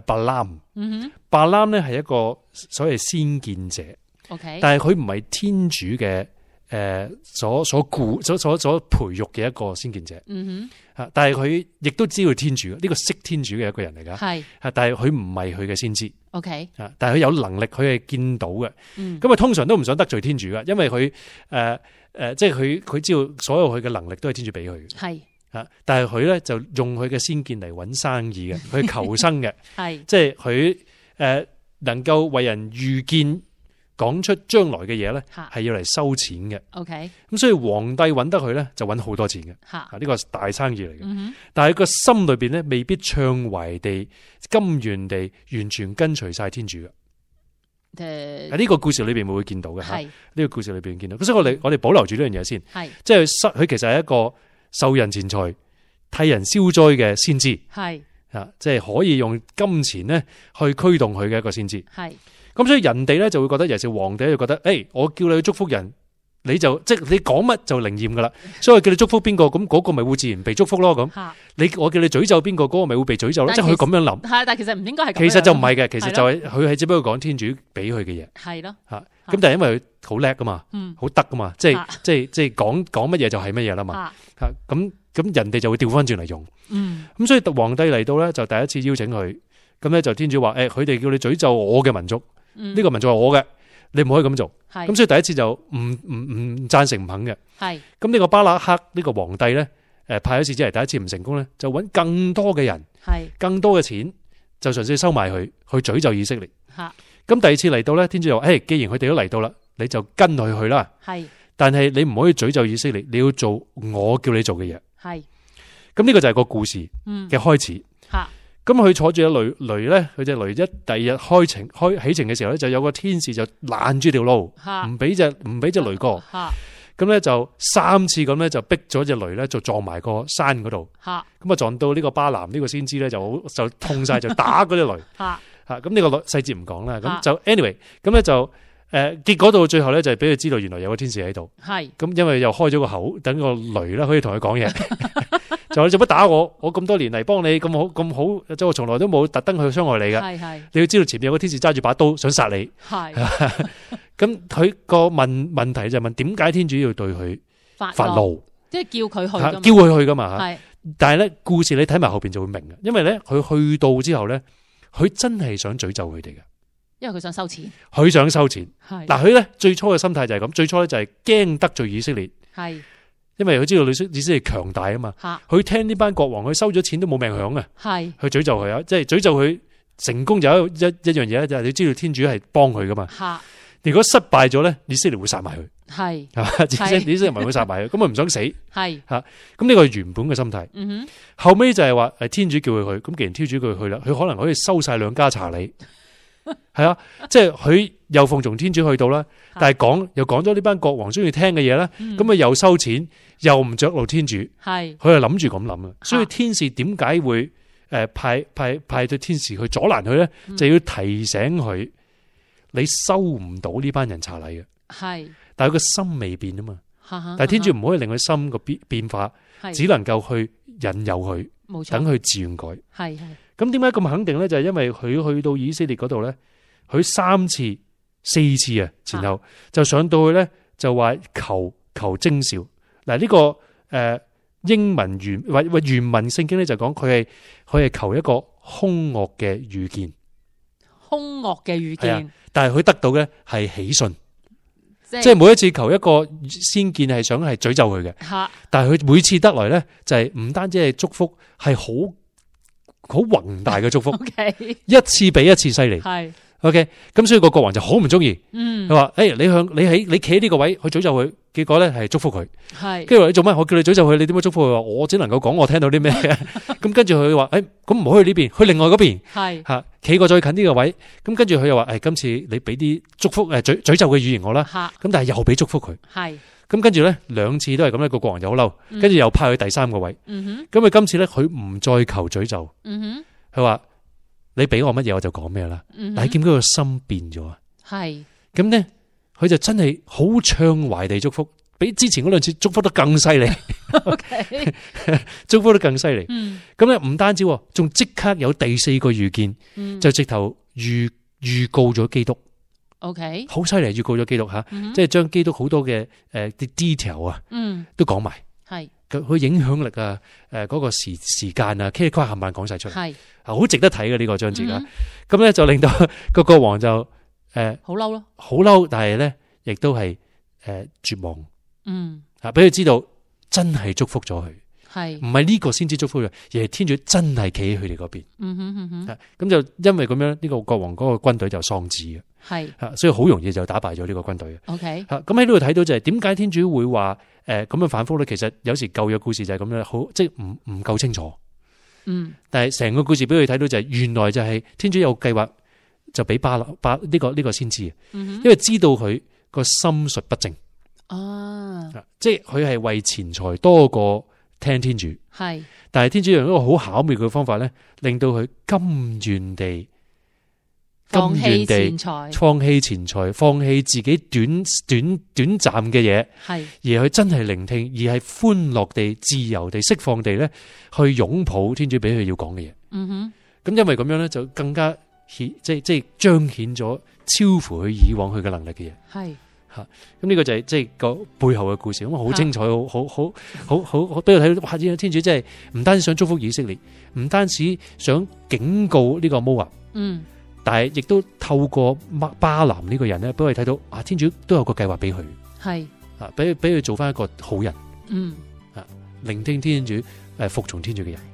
白蘭，白蘭咧係一個所謂先見者，嗯、哼但係佢唔係天主嘅誒、呃、所所鼓所所所培育嘅一個先見者，嗯、哼但係佢亦都知道天主，呢、這個識天主嘅一個人嚟噶，是但係佢唔係佢嘅先知，嗯、但係佢有能力，佢係見到嘅，咁啊、嗯、通常都唔想得罪天主噶，因為佢誒誒即係佢佢知道所有佢嘅能力都係天主俾佢。是但係佢咧就用佢嘅先見嚟揾生意嘅，去求生嘅，係 是即係佢誒能夠為人預見講出將來嘅嘢咧，係要嚟收錢嘅。OK，咁 所以皇帝揾得佢咧就揾好多錢嘅。吓，呢個大生意嚟嘅。但係個心裏邊咧未必暢懷地，甘願地完全跟隨晒天主嘅。誒 The，喺呢個故事裏邊會見到嘅吓。呢 是個故事裏邊見到，咁所以我哋我哋保留住呢樣嘢先。係 是，即係佢其實係一個。受人錢財替人消災嘅先知，係啊，即係可以用金錢咧去驅動佢嘅一個先知。係咁，所以人哋咧就會覺得，尤其是皇帝就覺得，誒，我叫你去祝福人，你就即係你講乜就靈驗噶啦。所以叫你祝福邊個，咁嗰個咪會自然被祝福咯。咁你我叫你詛咒邊個，嗰個咪會被詛咒咯。即係佢咁樣諗。係，但係其實唔應該係。其實就唔係嘅，其實就係佢係只不過講天主俾佢嘅嘢。係咯。吓，咁但係因為佢。好叻噶嘛，好得噶嘛，即係即係即係講講乜嘢就係乜嘢啦嘛，吓咁咁人哋就會調翻轉嚟用，咁所以皇帝嚟到咧就第一次邀請佢，咁咧就天主話誒佢哋叫你詛咒我嘅民族，呢個民族係我嘅，你唔可以咁做，咁所以第一次就唔唔唔贊成唔肯嘅，咁呢個巴勒克呢個皇帝咧誒派咗使者嚟，第一次唔成功咧就揾更多嘅人，更多嘅錢就純粹收埋佢去詛咒以色列，咁第二次嚟到咧天主就話誒既然佢哋都嚟到啦。你就跟佢去啦，係、vale so so so，但係你唔可以詛咒以色列，你要做我叫你做嘅嘢，係 men。咁呢個就係個故事嘅開始。吓，咁佢坐住隻雷雷咧，佢隻雷一第二日開程，開起程嘅時候咧，就有個天使就攔住條路，唔俾隻唔俾隻雷過，吓。咁咧就三次咁咧就逼咗隻雷咧就撞埋個山嗰度，吓。咁啊撞到呢個巴南呢個先知咧就好就痛晒就打嗰隻雷，吓。吓咁呢個細節唔講啦，咁就 anyway，咁咧就。誒，結果到最後咧，就俾佢知道原來有個天使喺度。係，咁因為又開咗個口，等個雷啦可以同佢講嘢。就你做乜打我？我咁多年嚟幫你咁好咁好，即我從來都冇特登去傷害你嘅。係係，你要知道前面有個天使揸住把刀想殺你。係，咁佢個問問題就問點解天主要對佢發怒？即係叫佢去，叫佢去噶嘛。係，但係咧故事你睇埋後邊就會明嘅，因為咧佢去到之後咧，佢真係想詛咒佢哋嘅。因為佢想收錢，佢想收錢。係嗱，佢咧最初嘅心態就係咁，最初咧就係驚得罪以色列。係，因為佢知道以色列以色列強大啊嘛。吓，佢聽呢班國王，佢收咗錢都冇命享啊。係，佢詛咒佢啊，即係詛咒佢成功就一一一樣嘢咧，就係你知道天主係幫佢噶嘛。吓，如果失敗咗咧，以色列會殺埋佢。係，係嘛？以色列會殺埋佢，咁佢唔想死。係，吓，咁呢個係原本嘅心態。嗯哼，後尾就係話，誒，天主叫佢去，咁既然天主叫佢去啦，佢可能可以收晒兩家茶禮。係啊，即係佢又奉從天主去到啦，但係講又講咗呢班國王中意聽嘅嘢啦，咁啊又收錢，又唔着路天主，係佢係諗住咁諗啊。所以天使點解會誒派派派對天使去阻攔佢咧？就要提醒佢，你收唔到呢班人查禮嘅，係，但係佢個心未變啊嘛，但係天主唔可以令佢心個變變化，只能夠去引誘佢，等佢自願改，係係。咁點解咁肯定咧？就係、是、因為佢去到以色列嗰度咧，佢三次、四次啊，前後就上到去咧，就話求求徵兆。嗱、這、呢個誒、呃、英文原或或原文聖經咧就講佢係佢係求一個兇惡嘅預見，兇惡嘅預見。但係佢得到嘅係喜訊，即係是每一次求一個先見係想係詛咒佢嘅，啊、但係佢每次得來咧就係、是、唔單止係祝福，係好。好宏大嘅祝福，Okay. 一次比一次犀利。O.K.，咁所以個國王就好唔中意，佢話：誒，你向你喺你企喺呢個位去詛咒佢，結果咧係祝福佢。係，跟住話你做乜？我叫你詛咒佢，你點樣祝福佢？話我只能夠講我聽到啲咩嘅。咁跟住佢話：誒，咁唔好去呢邊，去另外嗰邊。係，吓企過再近啲嘅位。咁跟住佢又話：誒，今次你俾啲祝福誒，詛詛咒嘅語言我啦。吓，咁但係又俾祝福佢。係，咁跟住咧兩次都係咁樣，個國王就好嬲，跟住又派去第三個位。嗯哼，咁佢今次咧佢唔再求詛咒。嗯哼，佢話。你俾我乜嘢我就講咩啦，嗯、哼但係見到個心變咗，係咁咧，佢就真係好暢懷地祝福，比之前嗰兩次祝福得更犀利， Okay 祝福得更犀利。咁咧唔單止，仲即刻有第四個預見，嗯、就直頭預預告咗基督，OK，好犀利預告咗基督吓，嗯嗯、即係將基督好多嘅誒啲 detail 啊，嗯，都講埋。佢影響力啊，誒，嗰是個時時間啊，冚唪唥講晒出嚟，係好值得睇嘅呢個章節啊。咁咧就令到個國王就誒，好嬲咯，好嬲，但係咧亦都係誒絕望，嗯，啊，俾佢知道真係祝福咗佢。係唔係呢個先知祝福佢，而係天主真係企喺佢哋嗰邊。嗯哼嗯哼，咁就因為咁樣呢個國王嗰個軍隊就喪志，嘅，係，所以好容易就打敗咗呢個軍隊。OK，咁喺呢度睇到就係點解天主會話誒咁樣反復咧？其實有時舊約故事就係咁樣，好即係唔唔夠清楚。嗯，um, 但係成個故事俾佢睇到就係原來就係天主有計劃就俾巴勒巴呢個呢個先知，mm. 因為知道佢個心術不正。哦、啊，即係佢係為錢財多過。聽天主，係，但係天主用一個好巧妙嘅方法咧，令到佢甘願地、甘願地放棄錢財、放棄錢財、放棄自己短短短暫嘅嘢，係，而佢真係聆聽，而係歡樂地、自由地、釋放地咧，去擁抱天主俾佢要講嘅嘢。嗯哼，咁因為咁樣咧，就更加顯，即係即係彰顯咗超乎佢以往佢嘅能力嘅嘢。係。吓，咁呢個就係即係個背後嘅故事，咁好精彩，好好好好好好，俾佢睇到哇！天主即係唔單止想祝福以色列，唔單止想警告呢個摩押，嗯，但係亦都透過巴拿呢個人咧，俾佢睇到啊，天主都有個計劃俾佢，係啊，俾俾佢做翻一個好人，嗯啊，聆聽天主誒，服從天主嘅人。嗯嗯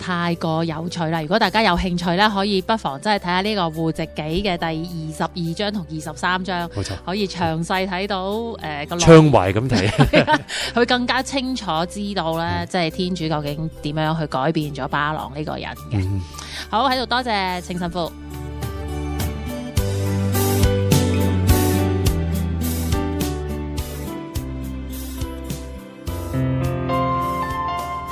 太過有趣啦！如果大家有興趣咧，可以不妨真係睇下呢個戶籍紀嘅第二十二章同二十三章，冇錯，可以詳細睇到誒個。窗埋咁睇，佢 更加清楚知道咧，嗯、即係天主究竟點樣去改變咗巴郎呢個人。嗯、好喺度，多謝清福，程神父。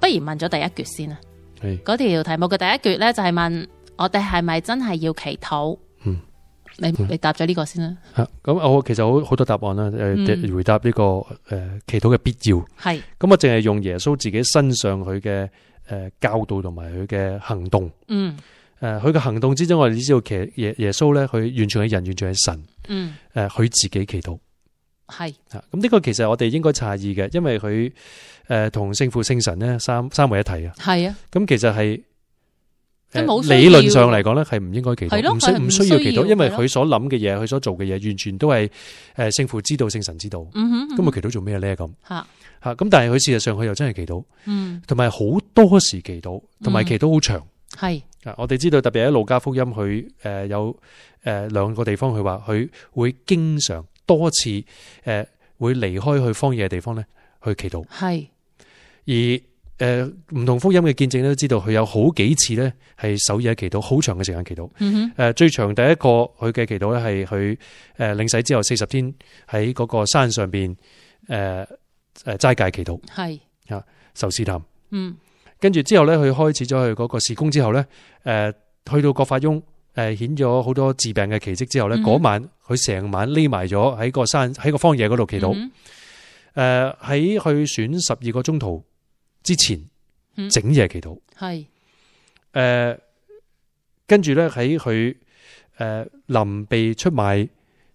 不如問咗第一句先啊！嗰條的題目嘅第一句咧，就係問我哋係咪真係要祈禱、嗯？嗯，你你答咗呢個先啦。吓、啊，咁我其實好好多答案啦。誒，回答呢個誒祈禱嘅必要係。咁、嗯、我淨係用耶穌自己身上佢嘅誒教導同埋佢嘅行動。嗯，誒，佢嘅行動之中，我哋知道其耶耶穌咧，佢完全係人，完全係神。嗯，誒，佢自己祈禱係。吓、嗯，咁呢、啊這個其實我哋應該詫異嘅，因為佢。誒，同聖父、聖神咧三三為一體啊！係啊，咁其實係，誒，理論上嚟講咧，係唔應該祈禱，唔需唔需要祈禱，因為佢所諗嘅嘢，佢所做嘅嘢，完全都係誒聖父知道，聖神知道。嗯哼，咁啊祈禱做咩咧？咁吓吓，咁但係佢事實上佢又真係祈禱，同埋好多時祈禱，同埋祈禱好長。係我哋知道特別喺路加福音，佢誒有誒兩個地方，佢話佢會經常多次誒會離開去荒野嘅地方咧去祈禱，係。而誒，唔同福音嘅見證都知道，佢有好幾次咧係守夜祈禱，好長嘅時間祈禱。誒、嗯哼，最長第一個佢嘅祈禱咧係佢誒領洗之後四十天喺嗰個山上邊誒誒齋戒祈禱。係啊是，受試探。嗯，跟住之後咧，佢開始咗佢嗰個事工之後呢誒去到葛法翁誒顯咗好多治病嘅奇蹟之後呢，嗰、嗯、哼晚佢成晚匿埋咗喺個山喺個荒野嗰度祈禱。誒，喺佢選十二個門徒之前整夜祈禱，係誒跟住咧喺佢誒臨被出賣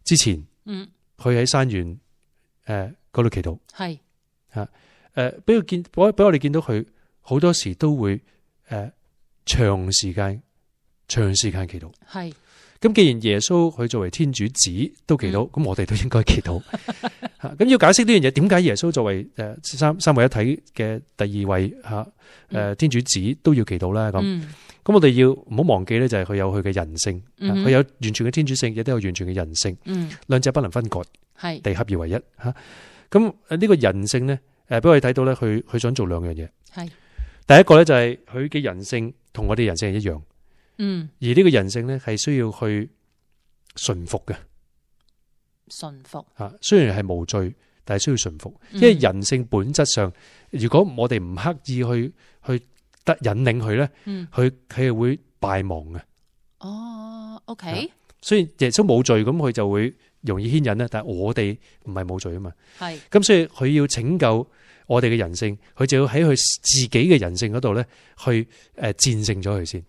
之前，嗯，佢喺山園誒嗰度祈禱，係吓誒，俾、呃、我見，俾我哋見到佢好多時都會誒長時間、長時間祈禱，係咁是。既然耶穌佢作為天主子都祈禱，咁我哋都應該祈禱。嗯嗯 咁要解釋呢樣嘢，點解耶穌作為誒三三位一體嘅第二位吓，誒天主子都要祈禱咧？咁，咁我哋要唔好忘記咧，就係佢有佢嘅人性，佢有完全嘅天主性，亦都有完全嘅人性，兩者不能分割，係地合而為一吓。咁呢個人性咧，誒，俾我哋睇到咧，佢佢想做兩樣嘢，係第一個咧就係佢嘅人性同我哋人性係一樣，嗯，而呢個人性咧係需要去順服嘅。順順服吓，雖然係無罪，但係需要順服，因為人性本質上，嗯、如果我哋唔刻意去去引領佢咧，佢佢係會敗亡嘅。哦，OK。所以耶穌冇罪，咁佢就會容易牽引咧。但係我哋唔係冇罪啊嘛，係的。咁所以佢要拯救我哋嘅人性，佢就要喺佢自己嘅人性嗰度咧，去誒戰勝咗佢先。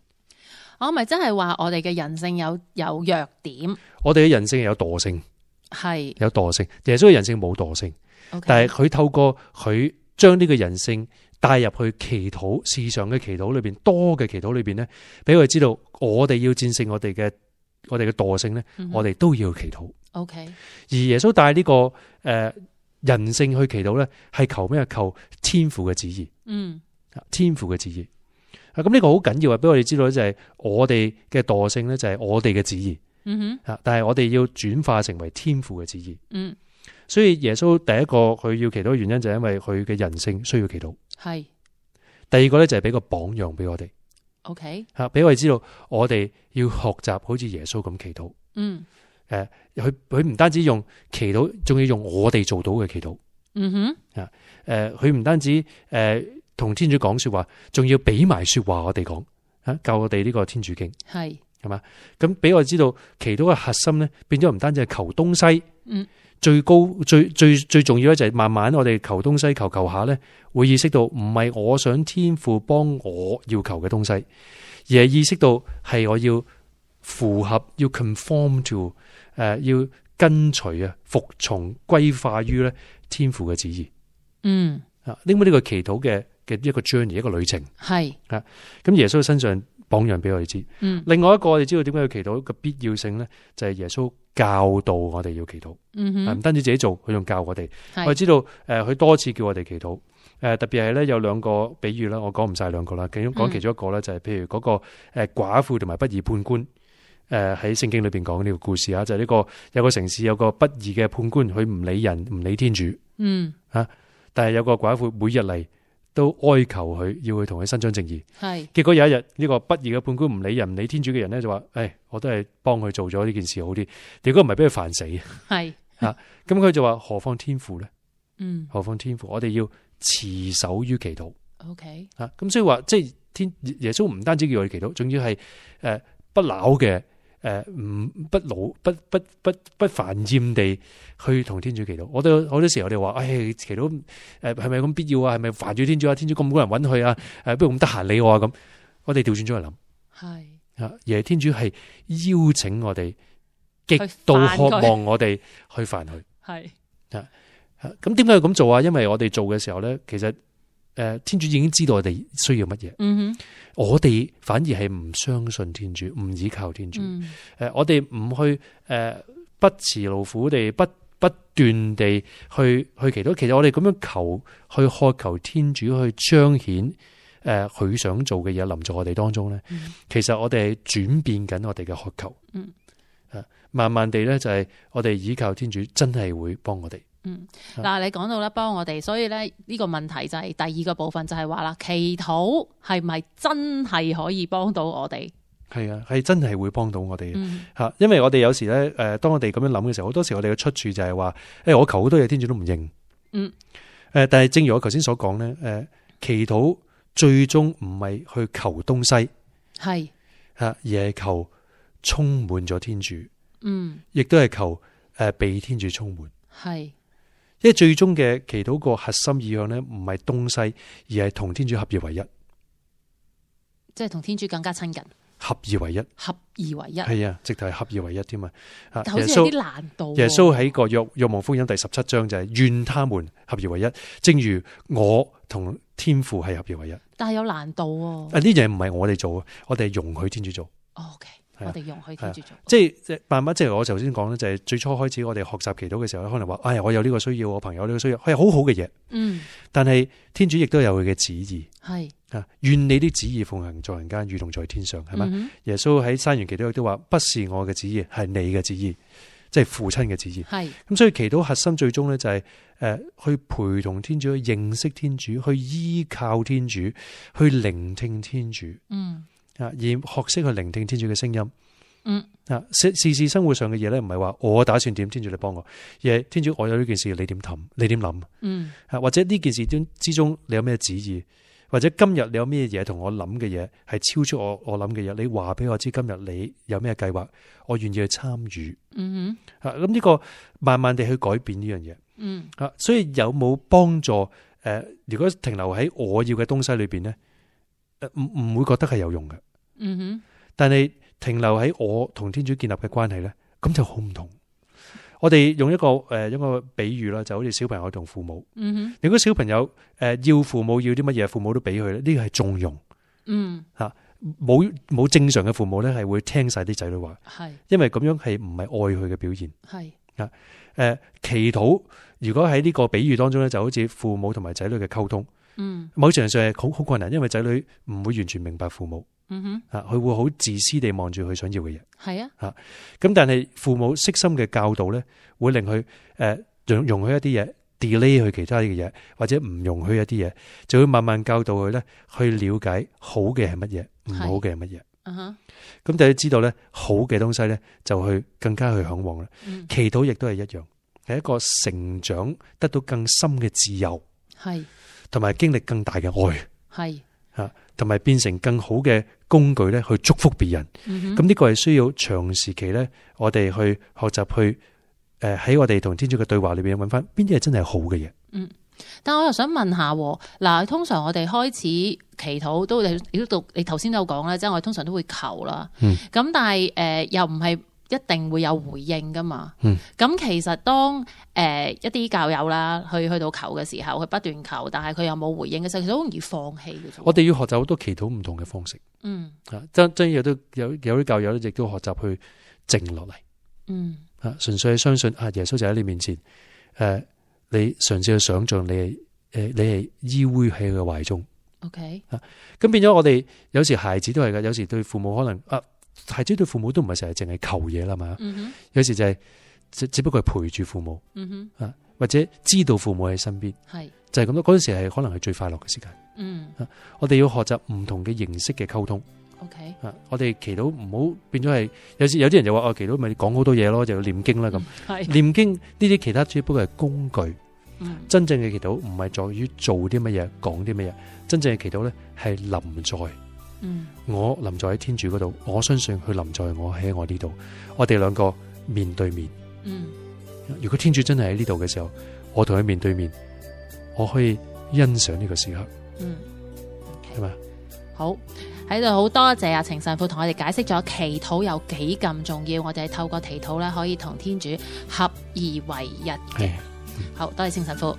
啊、我咪真係話我哋嘅人性有有弱點，我哋嘅人性有惰性。係是有惰性，耶穌嘅人性冇惰性，Okay. 但係佢透過佢將呢個人性帶入去祈禱，日常嘅祈禱裏邊，多嘅祈禱裏邊咧，俾我哋知道，我哋要戰勝我哋嘅我哋嘅惰性咧，mm hmm. 我哋都要祈禱。O Okay . K，而耶穌帶呢個誒人性去祈禱咧，係求咩？求天父嘅旨意。嗯、mm，hmm. 天父嘅旨意啊，咁、這、呢個好緊要啊！俾我哋知道就係我哋嘅惰性咧，就係我哋嘅旨意。嗯哼，吓，但係我哋要轉化成為天父嘅旨意。嗯，所以耶穌第一個佢要祈禱嘅原因就係因為佢嘅人性需要祈禱。係是，第二個咧就係俾個榜樣俾我哋。OK，吓，俾我哋知道我哋要學習好似耶穌咁祈禱。嗯，誒，佢佢唔單止用祈禱，仲要用我哋做到嘅祈禱。嗯哼，啊，誒，佢唔單止誒同天主講說話，仲要俾埋說話我哋講吓，教我哋呢個天主經。係。係嘛？咁俾我知道，祈禱嘅核心咧，變咗唔單止係求東西。嗯，最高最最最重要咧，就係慢慢我哋求東西，求求，求下咧，會意識到唔係我想天父幫我要求嘅東西，而係意識到係我要符合要 conform to，誒、呃、要跟隨啊服從歸化於咧天父嘅旨意。嗯啊，因為呢個祈禱嘅嘅一個 journey 一個旅程係啊，咁耶穌身上。榜樣俾我哋知，嗯、另外一個我哋知道點解要祈禱嘅必要性咧，就係、是、耶穌教導我哋要祈禱，唔、嗯、哼單止自己做，佢仲教我哋。是我哋知道，誒、呃，佢多次叫我哋祈禱，誒、呃，特別係咧有兩個比喻啦，我講唔晒兩個啦，其中講其中一個咧、嗯、就係，譬如嗰個誒寡婦同埋不義判官，誒喺聖經裏邊講呢個故事啊，就呢、是、個有個城市有個不義嘅判官，佢唔理人，唔理天主，嗯啊，但係有個寡婦每日嚟，都哀求佢要去同佢伸張正義，係是結果有一日呢、這個不義嘅判官唔理人唔理天主嘅人咧就話，誒、哎，我都係幫佢做咗呢件事好啲，如果唔係俾佢煩死，係吓是，咁佢、 嗯、就話何況天父咧？嗯，何況天父？我哋要持守於祈禱。O K，啊，咁所以話即係天耶穌唔單止叫佢祈禱，仲要係誒不惱嘅。誒，唔不老不不不不煩厭地去同天主祈禱，我哋好多時候我哋話，誒、哎、祈禱誒係咪咁必要啊？係咪煩住天主啊？天主咁多人揾佢啊？誒，不如咁得閒理我啊？咁我哋調轉咗嚟諗，係啊是，耶天主係邀請我哋，極度渴望我哋去煩佢，係啊是，咁點解要咁做啊？因為我哋做嘅時候咧，其實。誒，天主已經知道我哋需要乜嘢。嗯哼，我哋反而係唔相信天主，唔依靠天主。誒，我哋唔去誒不辭勞苦地不不斷地去去祈禱。其實我哋咁樣求去渴求天主去彰顯誒佢想做嘅嘢臨在我哋當中咧。其實我哋係轉變緊我哋嘅渴求。嗯，啊，慢慢地咧就係我哋依靠天主，真係會幫我哋。嗯，嗱，你講到咧，幫我哋，所以咧呢個問題就係第二個部分，就係話啦，祈禱係咪真係可以幫到我哋？係啊，係真係會幫到我哋吓，嗯、因為我哋有時咧，誒，當我哋咁樣諗嘅時候，好多時我哋嘅出處就係、是、話，誒、欸，我求好多嘢，天主都唔認。嗯，誒，但係正如我頭先所講咧，誒，祈禱最終唔係去求東西，係吓、嗯，而係求充滿咗天主，嗯，亦都係求誒被天主充滿，係、嗯。因為最終嘅祈禱個核心意向呢，唔係東西，而係同天主合而為一，即係同天主更加親近，合而為一，合而為一，係啊，直頭係合而為一添啊！好似有啲難度。耶穌喺個若若望福音第十七章就係、是、願他們合而為一，正如我同天父係合而為一，但係有難度啊！呢樣嘢唔係我哋做，我哋係容許天主做。O K。我哋容許天主做，即係即係慢慢，即係我頭先講咧，就係最初開始我哋學習祈禱嘅時候咧，可能話，哎，我有呢個需要，我朋友呢個需要，係好好嘅嘢。嗯。但係天主亦都有佢嘅旨意，係啊，願你啲旨意奉行在人間，如同在天上，係嘛？耶穌喺山園祈禱亦都話，不是我嘅旨意，係你嘅旨意，即係父親嘅旨意。係。咁所以祈禱核心最終咧就係誒，去陪同天主，去認識天主，去依靠天主，去聆聽天主。嗯。啊！而學識去聆聽天主嘅聲音，嗯啊，事事生活上嘅嘢咧，唔係話我打算點，天主你幫我，而係天主，我有呢件事，你點諗？你點諗？嗯啊，或者呢件事之中，你有咩旨意？或者今日你有咩嘢同我諗嘅嘢係超出我我諗嘅嘢？你話俾我知，今日你有咩計劃？我願意去參與，嗯。嗯哼，咁呢個慢慢地去改變呢樣嘢。嗯啊，所以有冇幫助？誒、呃，如果停留喺我要嘅東西裏邊咧，誒、呃，唔唔會覺得係有用嘅。嗯哼，但係停留喺我同天主建立嘅關係咧，咁就好唔同。我哋用一個誒一個比喻啦，就好似小朋友同父母。嗯哼，如果小朋友誒要父母要啲乜嘢，父母都俾佢咧，呢個係縱容。嗯吓，冇冇正常嘅父母咧，係會聽晒啲仔女話。係，因為咁樣係唔係愛佢嘅表現。係啊，誒祈禱，如果喺呢個比喻當中咧，就好似父母同埋仔女嘅溝通。嗯，某程度上係好好困難，因為仔女唔會完全明白父母。嗯哼，啊，佢會好自私地望住佢想要嘅嘢，係啊，吓咁，但係父母悉心嘅教導咧，會令佢誒容容許一啲嘢，delay 佢其他啲嘢，或者唔容許一啲嘢，就會慢慢教導佢咧去了解好嘅係乜嘢，唔好嘅係乜嘢。啊，咁大家知道咧好嘅東西咧，就去更加去向往啦。祈禱亦都係一樣，係一個成長，得到更深嘅自由，係，同埋經歷更大嘅愛，係，吓，同埋變成更好嘅。工具咧去祝福別人，咁呢個係需要長時期咧，我哋去學習去，誒喺我哋同天主嘅對話裏邊，揾翻邊啲係真係好嘅嘢。嗯，但係我又想問下，嗱，通常我哋開始祈禱都你都讀，你頭先都有講啦，即係我哋通常都會求啦。嗯，咁但係誒、呃、又唔係。一定會有回應噶嘛？咁、嗯、其實當誒一啲教友啦，去去到求嘅時候，佢不斷求，但係佢又冇回應嘅時候，佢好容易放棄嘅。我哋要學習好多祈禱唔同嘅方式。嗯，真真有都有有啲教友亦都學習去靜落嚟。嗯啊，純粹係相信啊，耶穌就喺你面前。誒、啊，你嘗試去想象你誒、啊，你係依偎喺佢嘅懷中。O K 啊，咁、嗯嗯、變咗我哋有時孩子都係噶，有時對父母可能啊。孩子對父母都唔係成日淨係求嘢啦嘛，嗯、哼有時就係只不過係陪住父母，啊、嗯、哼或者知道父母喺身邊，係是就係咁樣嗰陣時係可能係最快樂嘅時間。嗯，我哋要學習唔同嘅形式嘅溝通。OK，我哋祈禱唔好變咗係，有時有啲人就話我、哦、祈禱咪講好多嘢咯，就要念經啦咁。嗯、念經呢啲其他只不過係工具，嗯、真正嘅祈禱唔係在於做啲乜嘢，講啲乜嘢，真正嘅祈禱咧係臨在。嗯，我臨在喺天主嗰度，我相信佢臨在我喺我呢度，我哋兩個面對面。嗯，如果天主真係喺呢度嘅時候，我同佢面對面，我可以欣賞呢個時刻。嗯，係、okay, 咪？好喺度好多謝阿程神父同我哋解釋咗祈禱有幾咁重要，我哋係透過祈禱咧可以同天主合而為一。係，嗯、好多謝程神父。